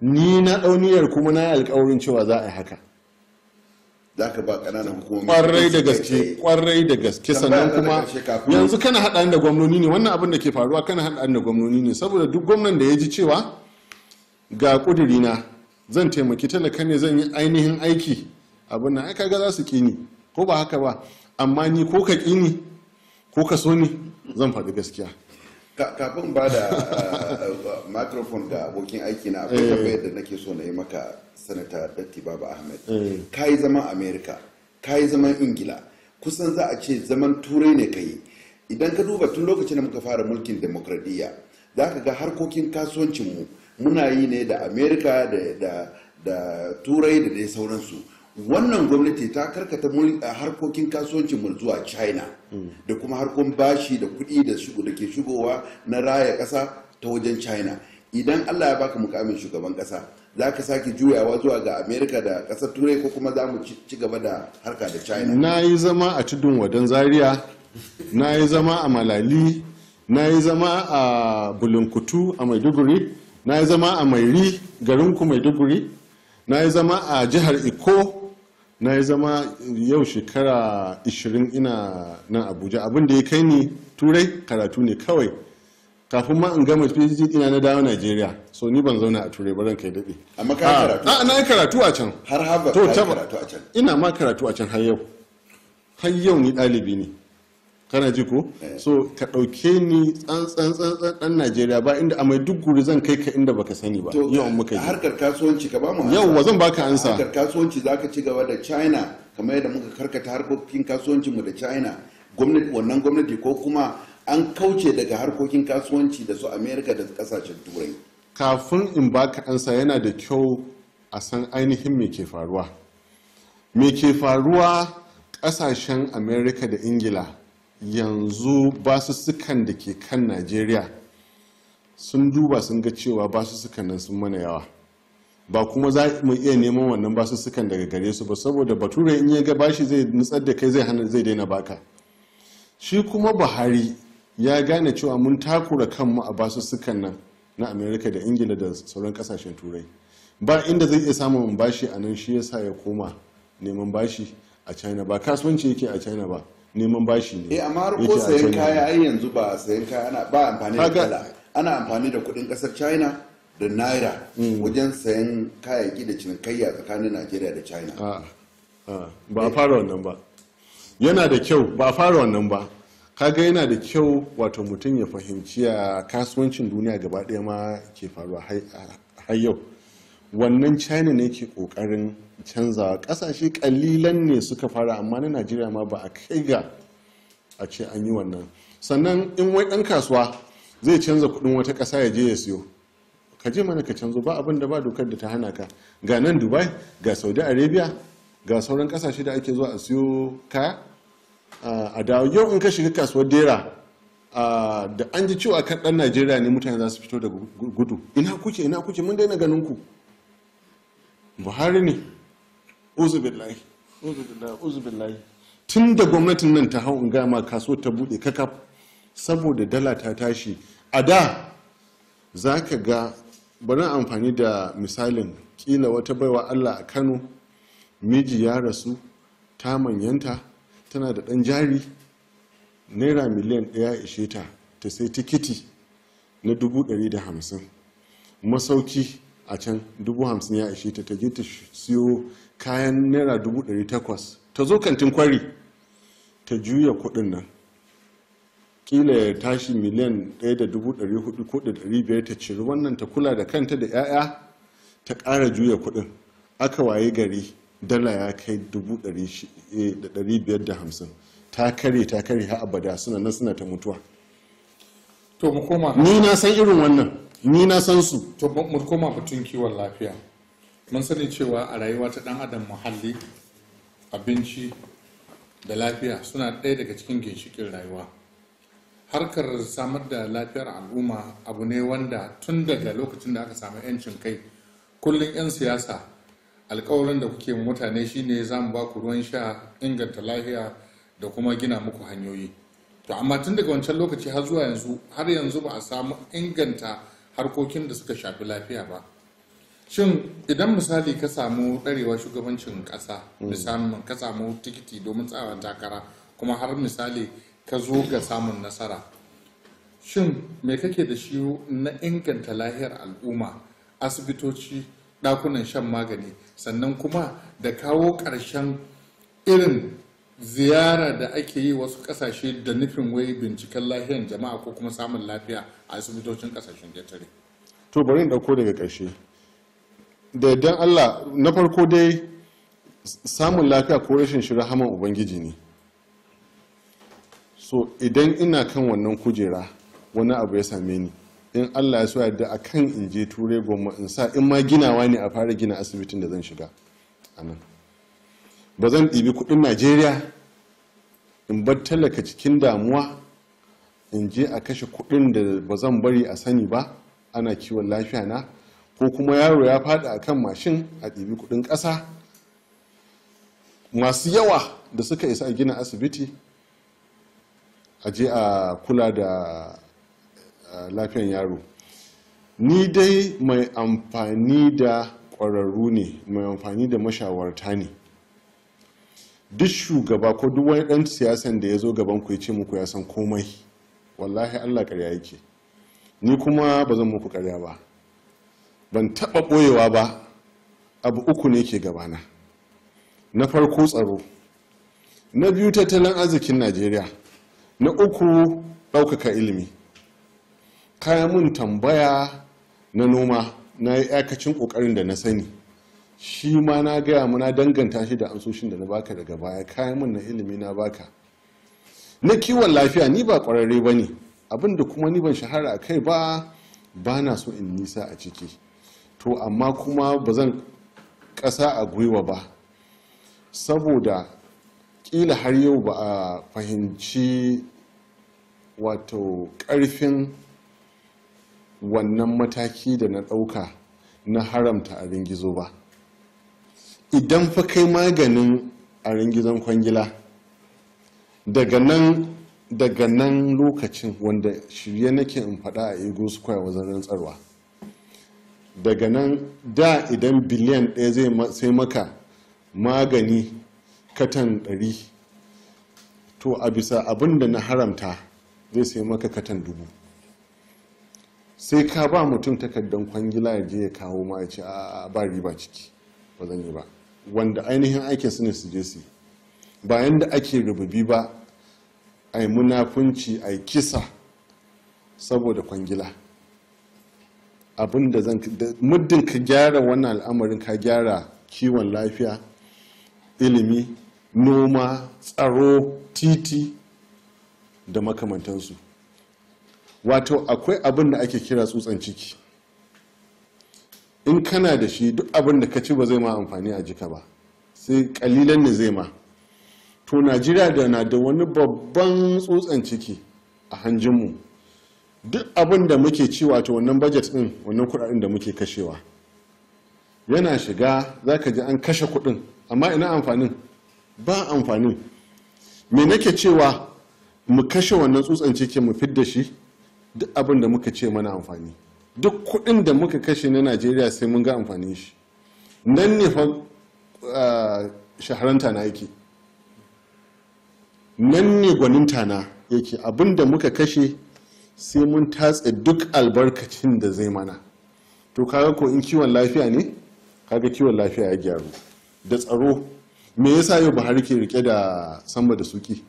Ni na ɗau kuma na yi alƙawarin cewa za a yi haka. za ka ba ƙananan hukumomi kwarai da gaske kwarai da gaske sannan kuma yanzu kana haɗa da gwamnoni ne wannan abin da ke faruwa kana haɗa da gwamnoni ne saboda duk gwamnan da ya ji cewa ga ƙuduri na zan taimaki talaka ne zan yi ainihin aiki abin nan ai kaga za su ni ko ba haka ba amma ni ko ka ni ko ka so ni zan faɗi gaskiya kafin ba da eh, eh, microphone ga abokin aiki na akwai eh. tambayar da nake so na yi maka sanata datti baba ahmed ka yi zaman america ka yi zaman ingila kusan za a ce zaman turai ne ka yi idan ka duba tun lokacin da muka fara mulkin demokradiyya za ka ga harkokin kasuwancinmu muna yi ne da america da turai da dai sauransu wannan gwamnati ta karkata harkokin kasuwancin mu zuwa china da kuma harkon bashi da kuɗi da shigo da ke shigowa na raya ƙasa ta wajen china idan allah ya baka mukamin shugaban ƙasa za ka sake juyawa zuwa ga america da ƙasar turai ko kuma za mu ci gaba da harka da china na yi zama a tudun wadon zaria na yi zama a malali na yi zama a bulunkutu a maiduguri na yi zama a mairi garinku maiduguri na yi zama a jihar iko na yi zama yau shekara 20 ina nan abuja abin da ya kai ni turai karatu ne kawai kafin ma in gama phd ina na dawo najeriya so ni ban zauna a turai ba kai ya daɗe amma ka karatu a na yi karatu a can har harvard to karatu a can ina ma karatu a can har yau har yau ni ɗalibi ne kana ji ko eh. so ka ɗauke ni tsantsan tsantsan ɗan najeriya ba inda a mai duk guri zan kai ka inda baka sani ba yau muka yi harkar kasuwanci ka ba mu yau wa zan baka ansa harkar kasuwanci za ka ci gaba da china kamar yadda muka karkata harkokin kasuwancin mu da china gwamnati wannan gwamnati ko kuma an kauce daga harkokin kasuwanci da su america da kasashen turai kafin in baka ansa yana da kyau a san ainihin me ke faruwa me ke faruwa kasashen america da ingila yanzu basussukan da ke kan najeriya sun duba sun ga cewa basussukan nan sun mana yawa ba kuma za mu iya neman wannan basussukan daga gare su ba saboda bature in ya ga bashi zai nutsar da kai zai hana zai daina baka shi kuma buhari ya gane cewa mun takura kanmu a basussukan nan na amerika da ingila da sauran kasashen turai ba inda zai iya samun bashi a nan shi yasa ya koma neman bashi a china ba kasuwanci yake a china ba neman bashi ne eh amma ko sayan kaya ai yanzu ba sayan kaya ana ba amfani da dala ana amfani da kuɗin ƙasar china da naira mm. wajen sayan kayayyaki da cinikayya tsakanin najeriya da china ah, ah, ba fara wannan ba yana da kyau ba fara wannan ba kaga yana da kyau wato mutum ya fahimci a kasuwancin duniya gaba ɗaya ma ke faruwa har yau wannan china ne ke ƙoƙarin canzawa kasashe kalilan ne suka fara amma na najeriya ma ba a kai ga a ce an yi wannan sannan in wai dan kasuwa zai canza kudin wata kasa ya je ya siyo ka je mana ka canzo ba abin da ba dokar da ta hana ka ga nan dubai ga saudi arabia ga sauran kasashe da ake zuwa a siyo kaya a dawo yau in ka shiga kasuwar dera da an ji cewa kan dan najeriya ne mutane za su fito da gudu ina kuke ina kuke mun daina ganin ku buhari ne uzubillahi tun da gwamnatin nan ta hau in gama kaso ta bude kakaf saboda dala ta tashi a da za ka ga bari amfani da misalin kila wata baiwa allah a kano miji ya rasu ta manyanta tana da ɗan jari naira miliyan ɗaya ishe ta ta sai tikiti na dubu ɗari da hamsin masauki a can dubu hamsin ya ishe ta taje je ta siyo kayan naira dubu ɗari takwas ta zo kantin kwari ta juya kuɗin nan kila ya tashi miliyan ɗaya da dubu ɗari hudu ko da ɗari biyar ta ciri wannan ta kula da kanta da 'ya'ya ta ƙara juya kuɗin aka waye gari dala ya kai dubu ɗari eh, biyar da hamsin ta kare ta kare ha abada suna nan suna ta mutuwa to mu koma ni na san irin wannan ni na san su to mu koma batun kiwon lafiya mun sani cewa a rayuwa ta dan adam muhalli abinci da lafiya suna ɗaya daga cikin ginshikin rayuwa harkar samar da lafiyar al'umma abu ne wanda tun daga lokacin da aka samu 'yancin kai kullum 'yan siyasa alkawarin da kuke mutane shine za mu ba ruwan sha inganta lafiya da kuma gina muku hanyoyi to amma tun daga wancan lokaci har zuwa yanzu har yanzu ba a samu inganta harkokin da suka shafi lafiya ba shin idan misali ka samu ɗarewa shugabancin ƙasa musamman mm. ka samu tikiti domin tsawon takara kuma har misali ka zo ga samun nasara shin me kake da shi na inganta lahiyar al'umma asibitoci ɗakunan shan magani sannan kuma da kawo ƙarshen irin ziyara da ake yi wasu kasashe da nufin wai binciken lafiyar jama'a ko kuma samun lafiya a asibitocin kasashen getare to bari in ɗauko daga karshe da yardan allah na farko dai samun lafiya ko rashin shirin haman ubangiji ne so idan ina kan wannan kujera wani abu ya same ni in allah ya so da a kan in je turai goma in sa in ma ginawa ne a fara gina asibitin da zan shiga anan ba zan ɗibi kuɗin najeriya in bar talaka cikin damuwa in je a kashe kuɗin da ba zan bari a sani ba ana kiwon lafiya na ko kuma yaro ya faɗi a kan mashin a ɗibi kuɗin ƙasa masu yawa da suka isa gina asibiti a je a kula da lafiyan yaro ni dai mai amfani da ƙwararru ne mai amfani da mashawarta ne duk shugaba ko duk wani ɗan siyasan da ya zo gaban ku ya ce muku ya san komai wallahi allah karya yake ni kuma ba zan muku karya ba ban taɓa ɓoyewa ba abu uku ne ke gabana na farko tsaro na biyu tattalin arzikin najeriya na uku ɗaukaka ilimi kayan mun tambaya na noma na yi aikacin ƙoƙarin da na sani shi ma na gaya muna danganta shi da ansoshin da na baka daga baya kayan mun na ilimi na baka na kiwon lafiya ni ba kwararre ba ne abinda kuma ni ban shahara a kai ba ba na so in nisa a ciki to amma kuma ba zan ƙasa a gwiwa ba saboda ƙila har yau ba a fahimci wato ƙarfin wannan mataki da na ɗauka na haramta abin gizo ba idan fa kai maganin a ringizan kwangila daga nan daga nan lokacin wanda shirye nake in faɗa a ego square wajen rantsarwa daga nan da idan biliyan ɗaya zai sai maka magani katan ɗari to a bisa abin da na haramta zai sai maka katan dubu sai ka ba mutum takardar kwangila ya je ya kawo ma ya ce a ba riba ciki ba zan yi ba wanda ainihin aikin su ne su je su ba yanda ake rububi ba a yi munafunci a yi kisa saboda kwangila abin da muddin ka gyara wannan al'amarin ka gyara kiwon lafiya ilimi noma tsaro titi da makamantansu wato akwai abin da ake kira tsutsan ciki in kana da shi duk abin da ka ci ba zai ma amfani a jika ba sai kalilan ne zai ma to najeriya da na da wani babban tsutsan ciki a hanjinmu duk abin da muke ci wato wannan budget din wannan kudaden da muke kashewa yana shiga za ka ji an kashe kudin amma ina amfanin ba amfanin me nake cewa mu kashe wannan tsutsan ciki mu fidda shi duk abin da muka ce mana amfani duk kuɗin da muka kashe na najeriya sai mun ga amfanin shi nan ne fa shaharanta na yake nan ne gwaninta na yake abinda muka kashe sai mun tatse duk albarkacin da zai mana to kaga ko in kiwon lafiya ne kaga kiwon lafiya ya gyaru da tsaro me yasa yau buhari ke rike da samba da suki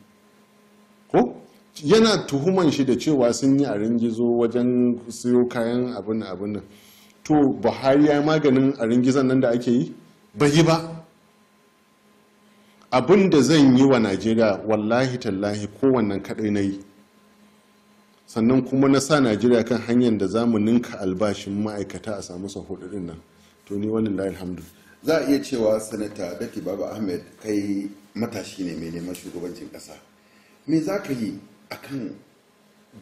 ko yana tuhuman shi da cewa sun yi a ringizo wajen siyo kayan abin abin nan to buhari ya maganin a ringizan nan da ake yi ba yi ba abin da zan yi wa najeriya wallahi tallahi kowannan kadai na yi sannan kuma na sa najeriya kan hanyar da zamu ninka albashin ma'aikata a samu sahudin nan to ni wani alhamdu za a iya cewa sanata daki baba ahmed kai matashi ne mai neman shugabancin ƙasa me za ka yi akan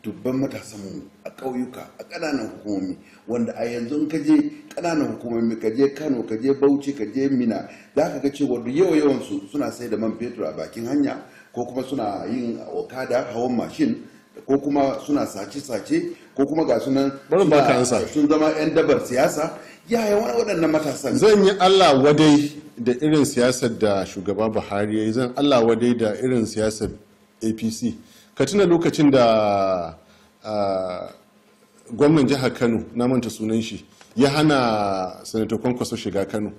dubban matasanmu a ƙauyuka a ƙananan hukumomi wanda a yanzu ka je ƙananan hukumomi ka je kano ka je bauchi ka je mina za ka ga cewa yawa yawansu suna sai da man fetur a bakin hanya ko kuma suna yin okada hawan mashin ko kuma suna sace-sace ko kuma ga sunan sun zama 'yan dabar siyasa yaya wani waɗannan matasan zan yi allah wadai da irin siyasar da shugaba buhari ya yi zan allah wadai da irin siyasar apc ka tuna lokacin da gwamnan jihar kano na manta sunan shi ya hana sanatar kwankwaso shiga kano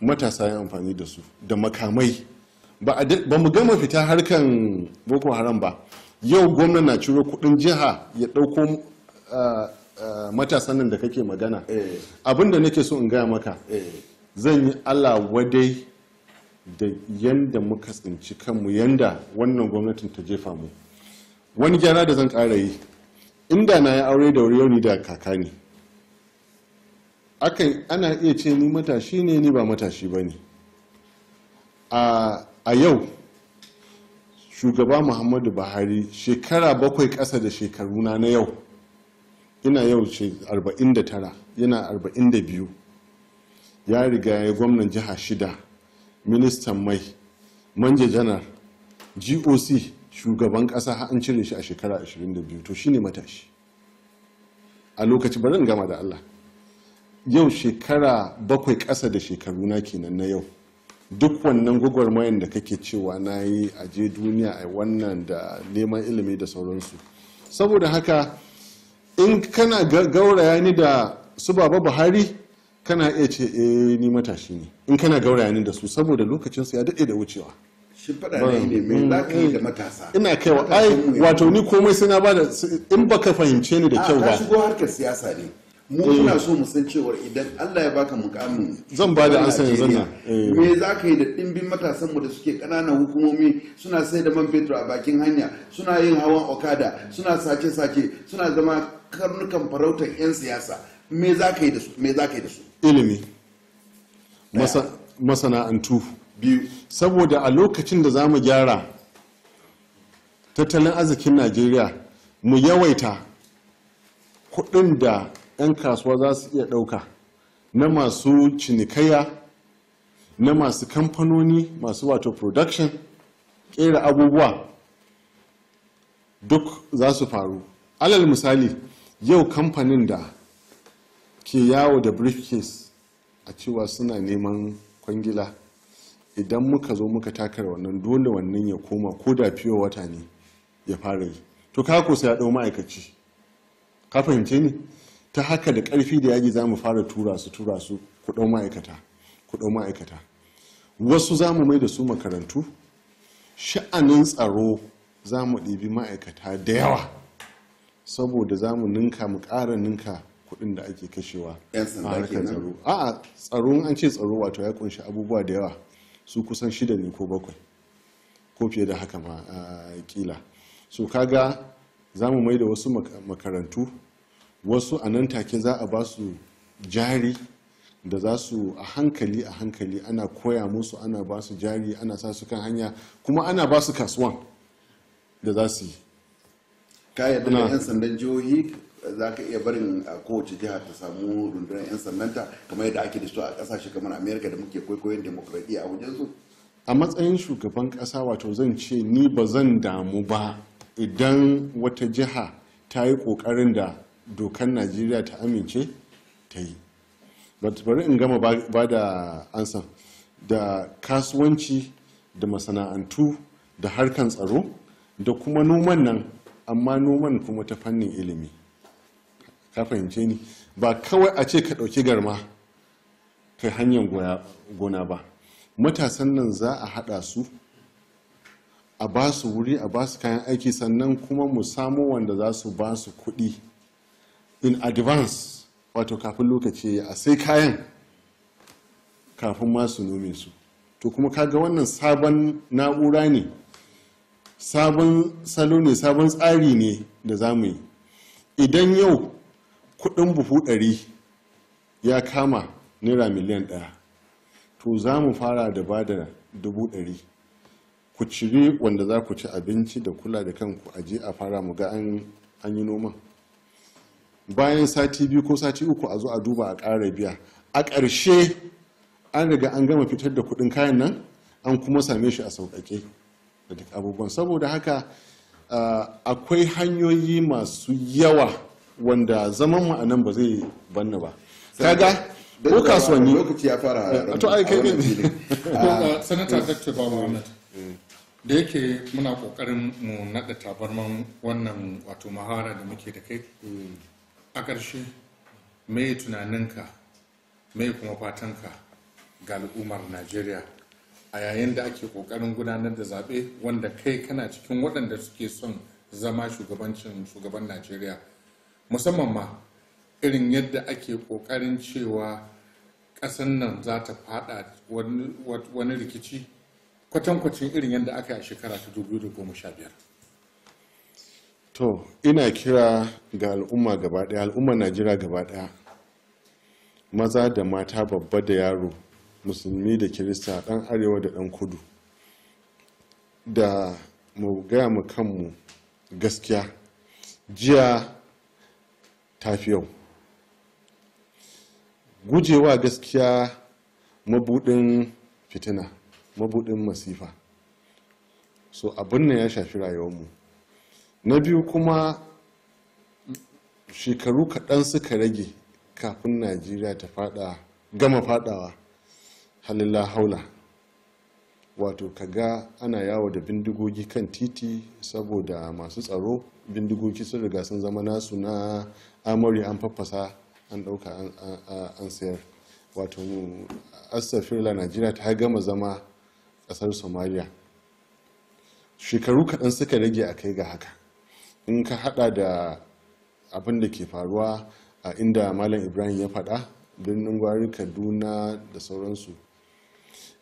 matasa ya amfani da su da makamai ba mu gama fita harkan boko haram ba yau gwamna na ciro kudin jiha ya dauko matasan nan da kake magana eh. abinda nake so in gaya maka eh. zan yi allah wadai da yanda muka tsinci kanmu yanda wannan gwamnatin ta jefa mu wani gyara da zan ƙara yi inda na ya aure da wuri da kaka ne akan ana iya ce ni matashi ne ni ba matashi ba ne a yau shugaba muhammadu buhari shekara bakwai ƙasa da shekaruna na yau ina yau ce 49 yana 42 ya riga ya gwamnan jiha shida ministan mai manja janar goc shugaban kasa an cire shi a shekara 22 to shine matashi a lokaci bari in gama da allah yau shekara bakwai ƙasa da shekaru na kenan na yau duk wannan gwagwarmayan da kake cewa na yi a duniya a wannan da neman ilimi da sauransu saboda haka in kana gauraya ni da su baba buhari kana iya ce e ni matashi ne in kana ni da su saboda lokacin su ya daɗe da wucewa shi fada ne ne mai za yi da mm. matasa ina kaiwa ai wato ni komai sai na ba da in baka fahimce ni da kyau ba a shigo harkar siyasa ne mu mm. muna so mu san cewa idan Allah ya baka mukamin zan ba da ansa yanzu nan eh. me za ka yi da dimbin matasan mu da suke kananan hukumomi suna sai da man fetur a bakin hanya suna yin hawan okada suna sace sace suna zama karnukan farautar yan siyasa me za ka yi da su me za ka yi da su ilimi masana'antu biyu saboda a lokacin da za mu gyara tattalin arzikin najeriya mu yawaita kudin da 'yan kasuwa za su iya ɗauka na masu cinikayya na masu kamfanoni masu wato production kera abubuwa duk za su faru alal misali yau kamfanin da ke yawo da briefcase a cewa suna neman kwangila idan muka zo muka takar wannan dole wannan ya koma ko da fiye wata ne ya fara yi to ka ko sai ya ɗau ma'aikaci ka fahimce ni ta haka da ƙarfi da yaji za mu fara tura su tura su ku ɗau ma'aikata ku ɗau ma'aikata wasu za mu mai da su makarantu sha'anin tsaro za mu ɗibi ma'aikata da yawa saboda za mu ninka mu ƙara ninka kuɗin da ake kashewa a harkar tsaro a'a tsaron an ce tsaro wato ya kunshi abubuwa da yawa su kusan shida ne ko bakwai ko fiye da haka ma kila so kaga za mu mai da wasu makarantu wasu a nan take za a ba su jari da za su a hankali a hankali ana koya musu ana ba su jari ana sa su kan hanya kuma ana ba su kasuwan da za su yi ka yadda da 'yan sandan jihohi za ka iya barin a kowace jiha ta samu rundunar 'yan sandanta kamar yadda ake da su a kasashe kamar amerika da muke kwaikwayon demokradiyya a wajensu a matsayin shugaban kasa wato zan ce ni ba zan damu ba idan wata jiha ta yi ƙoƙarin da dokan najeriya ta amince ta yi bari in gama ba da ansa da kasuwanci da masana'antu da harkan tsaro da kuma noman nan amma noman kuma ta fannin ilimi ka fahimce ni ba kawai a ce ka ɗauki garma kai hanyar gona ba matasan nan za a haɗa su a ba su wuri a ba su kayan aiki sannan kuma mu samo wanda za su ba su kuɗi in advance wato kafin lokaci a sai kayan kafin masu nome su to kuma kaga wannan sabon na'ura ne sabon salo ne sabon tsari ne da za mu yi idan yau kudin buhu ɗari ya kama naira miliyan ɗaya to za mu fara da ba da dubu ɗari ku cire wanda za ku ci abinci da kula da kanku a je a fara mu ga an yi noman bayan sati biyu ko sati uku a zo a duba a ƙara biya a ƙarshe an riga an gama fitar da kuɗin kayan nan an kuma same shi a sauƙaƙe da duk abubuwan saboda haka ah, akwai hanyoyi masu yawa wanda zaman mu a nan ba zai banna ba kaga ko kasuwanni lokaci ya fara to ai kai ne sanata eh. dr ba muhammad da yake muna kokarin mu nada tabarman wannan wato mahara da muke da kai mm. a ƙarshe me tunaninka me kuma fatanka ga al'ummar najeriya a yayin da ake kokarin gudanar da zaɓe wanda kai kana cikin waɗanda suke son zama shugabancin shugaban najeriya musamman ma irin yadda ake kokarin cewa kasan nan za ta fada wani rikici kwatankwacin irin yadda aka yi a shekara ta 2015 to ina kira ga al'umma gaba daya na jira gaba maza da mata babba da yaro musulmi da kirista dan arewa da dan kudu da mu gaya mu kanmu gaskiya jiya tafi yau gujewa gaskiya mabudin fitina mabudin masifa so abin nan ya shafi rayuwarmu na biyu kuma shekaru kaɗan suka rage kafin najeriya ta fada gama fadawa halilla haula wato kaga ana yawo da bindigogi kan titi saboda masu tsaro bindigogi sun riga sun zama nasu na amari an faffasa an ɗauka an sayar wato astafirla najeriya ta gama zama ƙasar Somalia. shekaru kaɗan suka rage a kai ga haka in ka hada da abin da ke faruwa a inda malam ibrahim ya faɗa birnin gwari kaduna da sauransu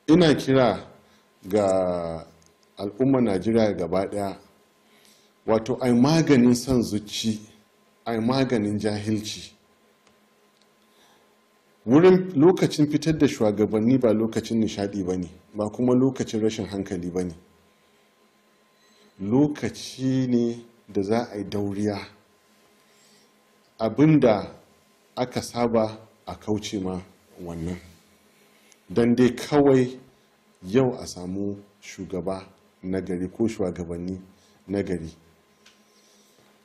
ina kira ga al'ummar najeriya gaba daya wato ai maganin son zuci a maganin jahilci wurin lokacin fitar da shugabanni ba lokacin nishadi ba ne ba kuma lokacin rashin hankali ba ne lokaci ne da za a yi dauriya da aka saba a kauce ma wannan don dai kawai yau a samu shugaba nagari ko shugabanni nagari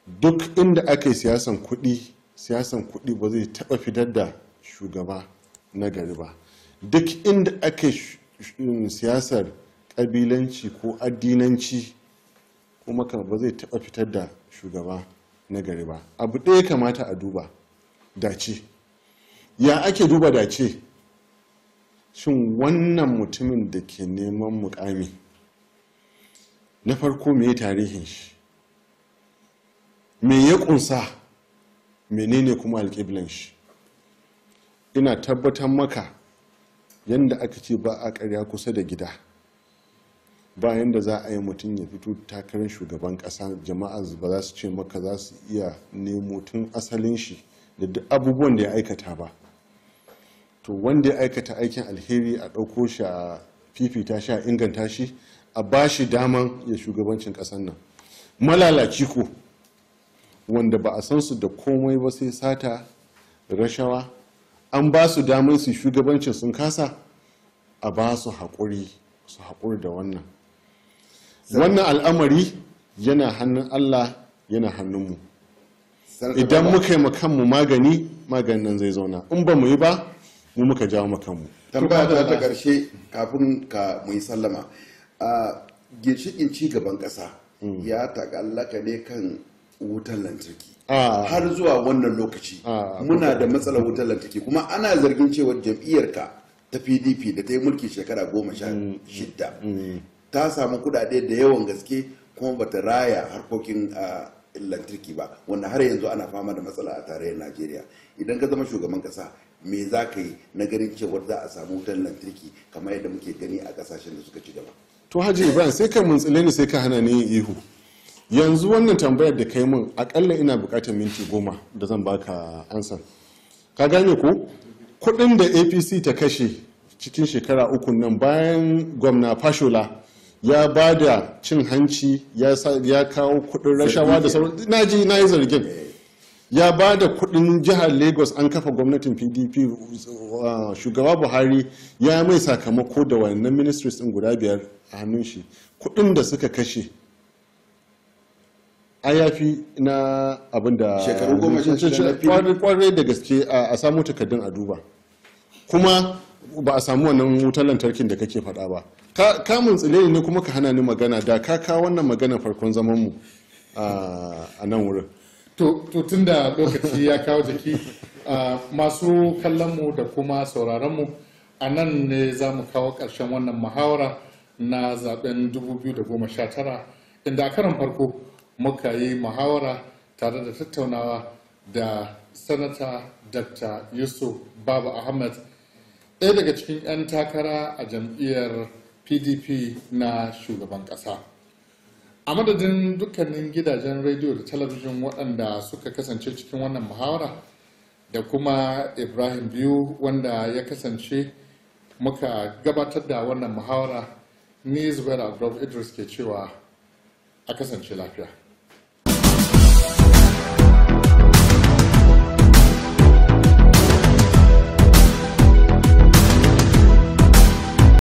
duk inda aka yi siyasan kuɗi siyasan kuɗi ba zai taɓa fitar da shugaba na gari ba duk inda aka yi siyasar ƙabilanci ko addinanci kuma ba zai taɓa fitar da shugaba na gari ba abu ɗaya kamata a duba dace ya ake duba dace shin wannan mutumin da ke neman mukami na farko me tarihin shi me ya kunsa menene kuma alƙiblan shi ina tabbatar maka yadda aka ce ba a karya kusa da gida Ba yadda za a yi mutum ya fito takarar shugaban ƙasa jama'a ba za su ce maka za su iya nemo tun asalin shi da duk abubuwan da ya aikata ba to wanda ya aikata aikin alheri a ɗauko shi a fifita shi a inganta shi a ba shi daman ya shugabancin ƙasar nan malalaci ko wanda ba a san su da komai ba sai sata rashawa an ba su damar su shugabancin sun kasa a ba su haƙuri su haƙuri da wannan wannan al'amari yana hannun allah yana hannunmu idan muka yi kanmu magani maganin nan zai zauna in ba mu yi ba mu muka jawo kanmu tambaya ta ta ƙarshe kafin ka mu yi sallama ginshikin ci gaban ƙasa mm. ya taƙallaka ne kan wutar lantarki ah. har zuwa wannan lokaci ah. muna da matsalar wutar lantarki kuma ana zargin cewa jam'iyyarka ta pdp da ta yi mulki shekara goma sha mm. shida mm. ta samu kudade da yawan gaske kuma bata raya harkokin ah, lantarki ba wanda har yanzu ana fama da matsala a tarayyar najeriya idan ka zama shugaban kasa me za ka yi na ganin cewa za a samu wutar lantarki kamar yadda muke gani a kasashen da suka ci gaba to haji ibrahim sai ka muntsile ni sai ka hana ni ihu yanzu wannan tambayar da kai min akalla ina bukatar minti goma da zan baka ansa ka gane ko kudin da apc ta kashe cikin shekara uku nan bayan gwamna fashola ya ba da cin hanci ya kawo kudin rashawa da sauran na ji na yi zargin ya ba da kudin jihar lagos an kafa gwamnatin pdp uh, shugaba buhari ya mai sakamako da wannan ministries din guda biyar a hannun shi kudin da suka kashe a yafi na abin da shekaru goma sha shida kwarai da gaske a samu takardun a duba kuma ba a samu wannan wutar lantarkin da kake faɗa ba kamun tsile ne kuma ka hana ni magana da ka kawo wannan magana farkon zaman mu a nan wurin to tun da lokaci ya kawo jiki masu kallon mu da kuma sauraron mu a nan ne za mu kawo ƙarshen wannan muhawara na zaben 2019 inda a karan farko muka yi muhawara tare da tattaunawa da sanata dr yusuf babu ahmad ɗaya daga cikin 'yan takara a jam'iyyar pdp na shugaban ƙasa a madadin dukkanin gidajen rediyo da talabijin waɗanda suka kasance cikin wannan muhawara da kuma ibrahim biyu wanda ya kasance muka gabatar da wannan muhawara ni Zubairu abdul idris ke cewa a kasance lafiya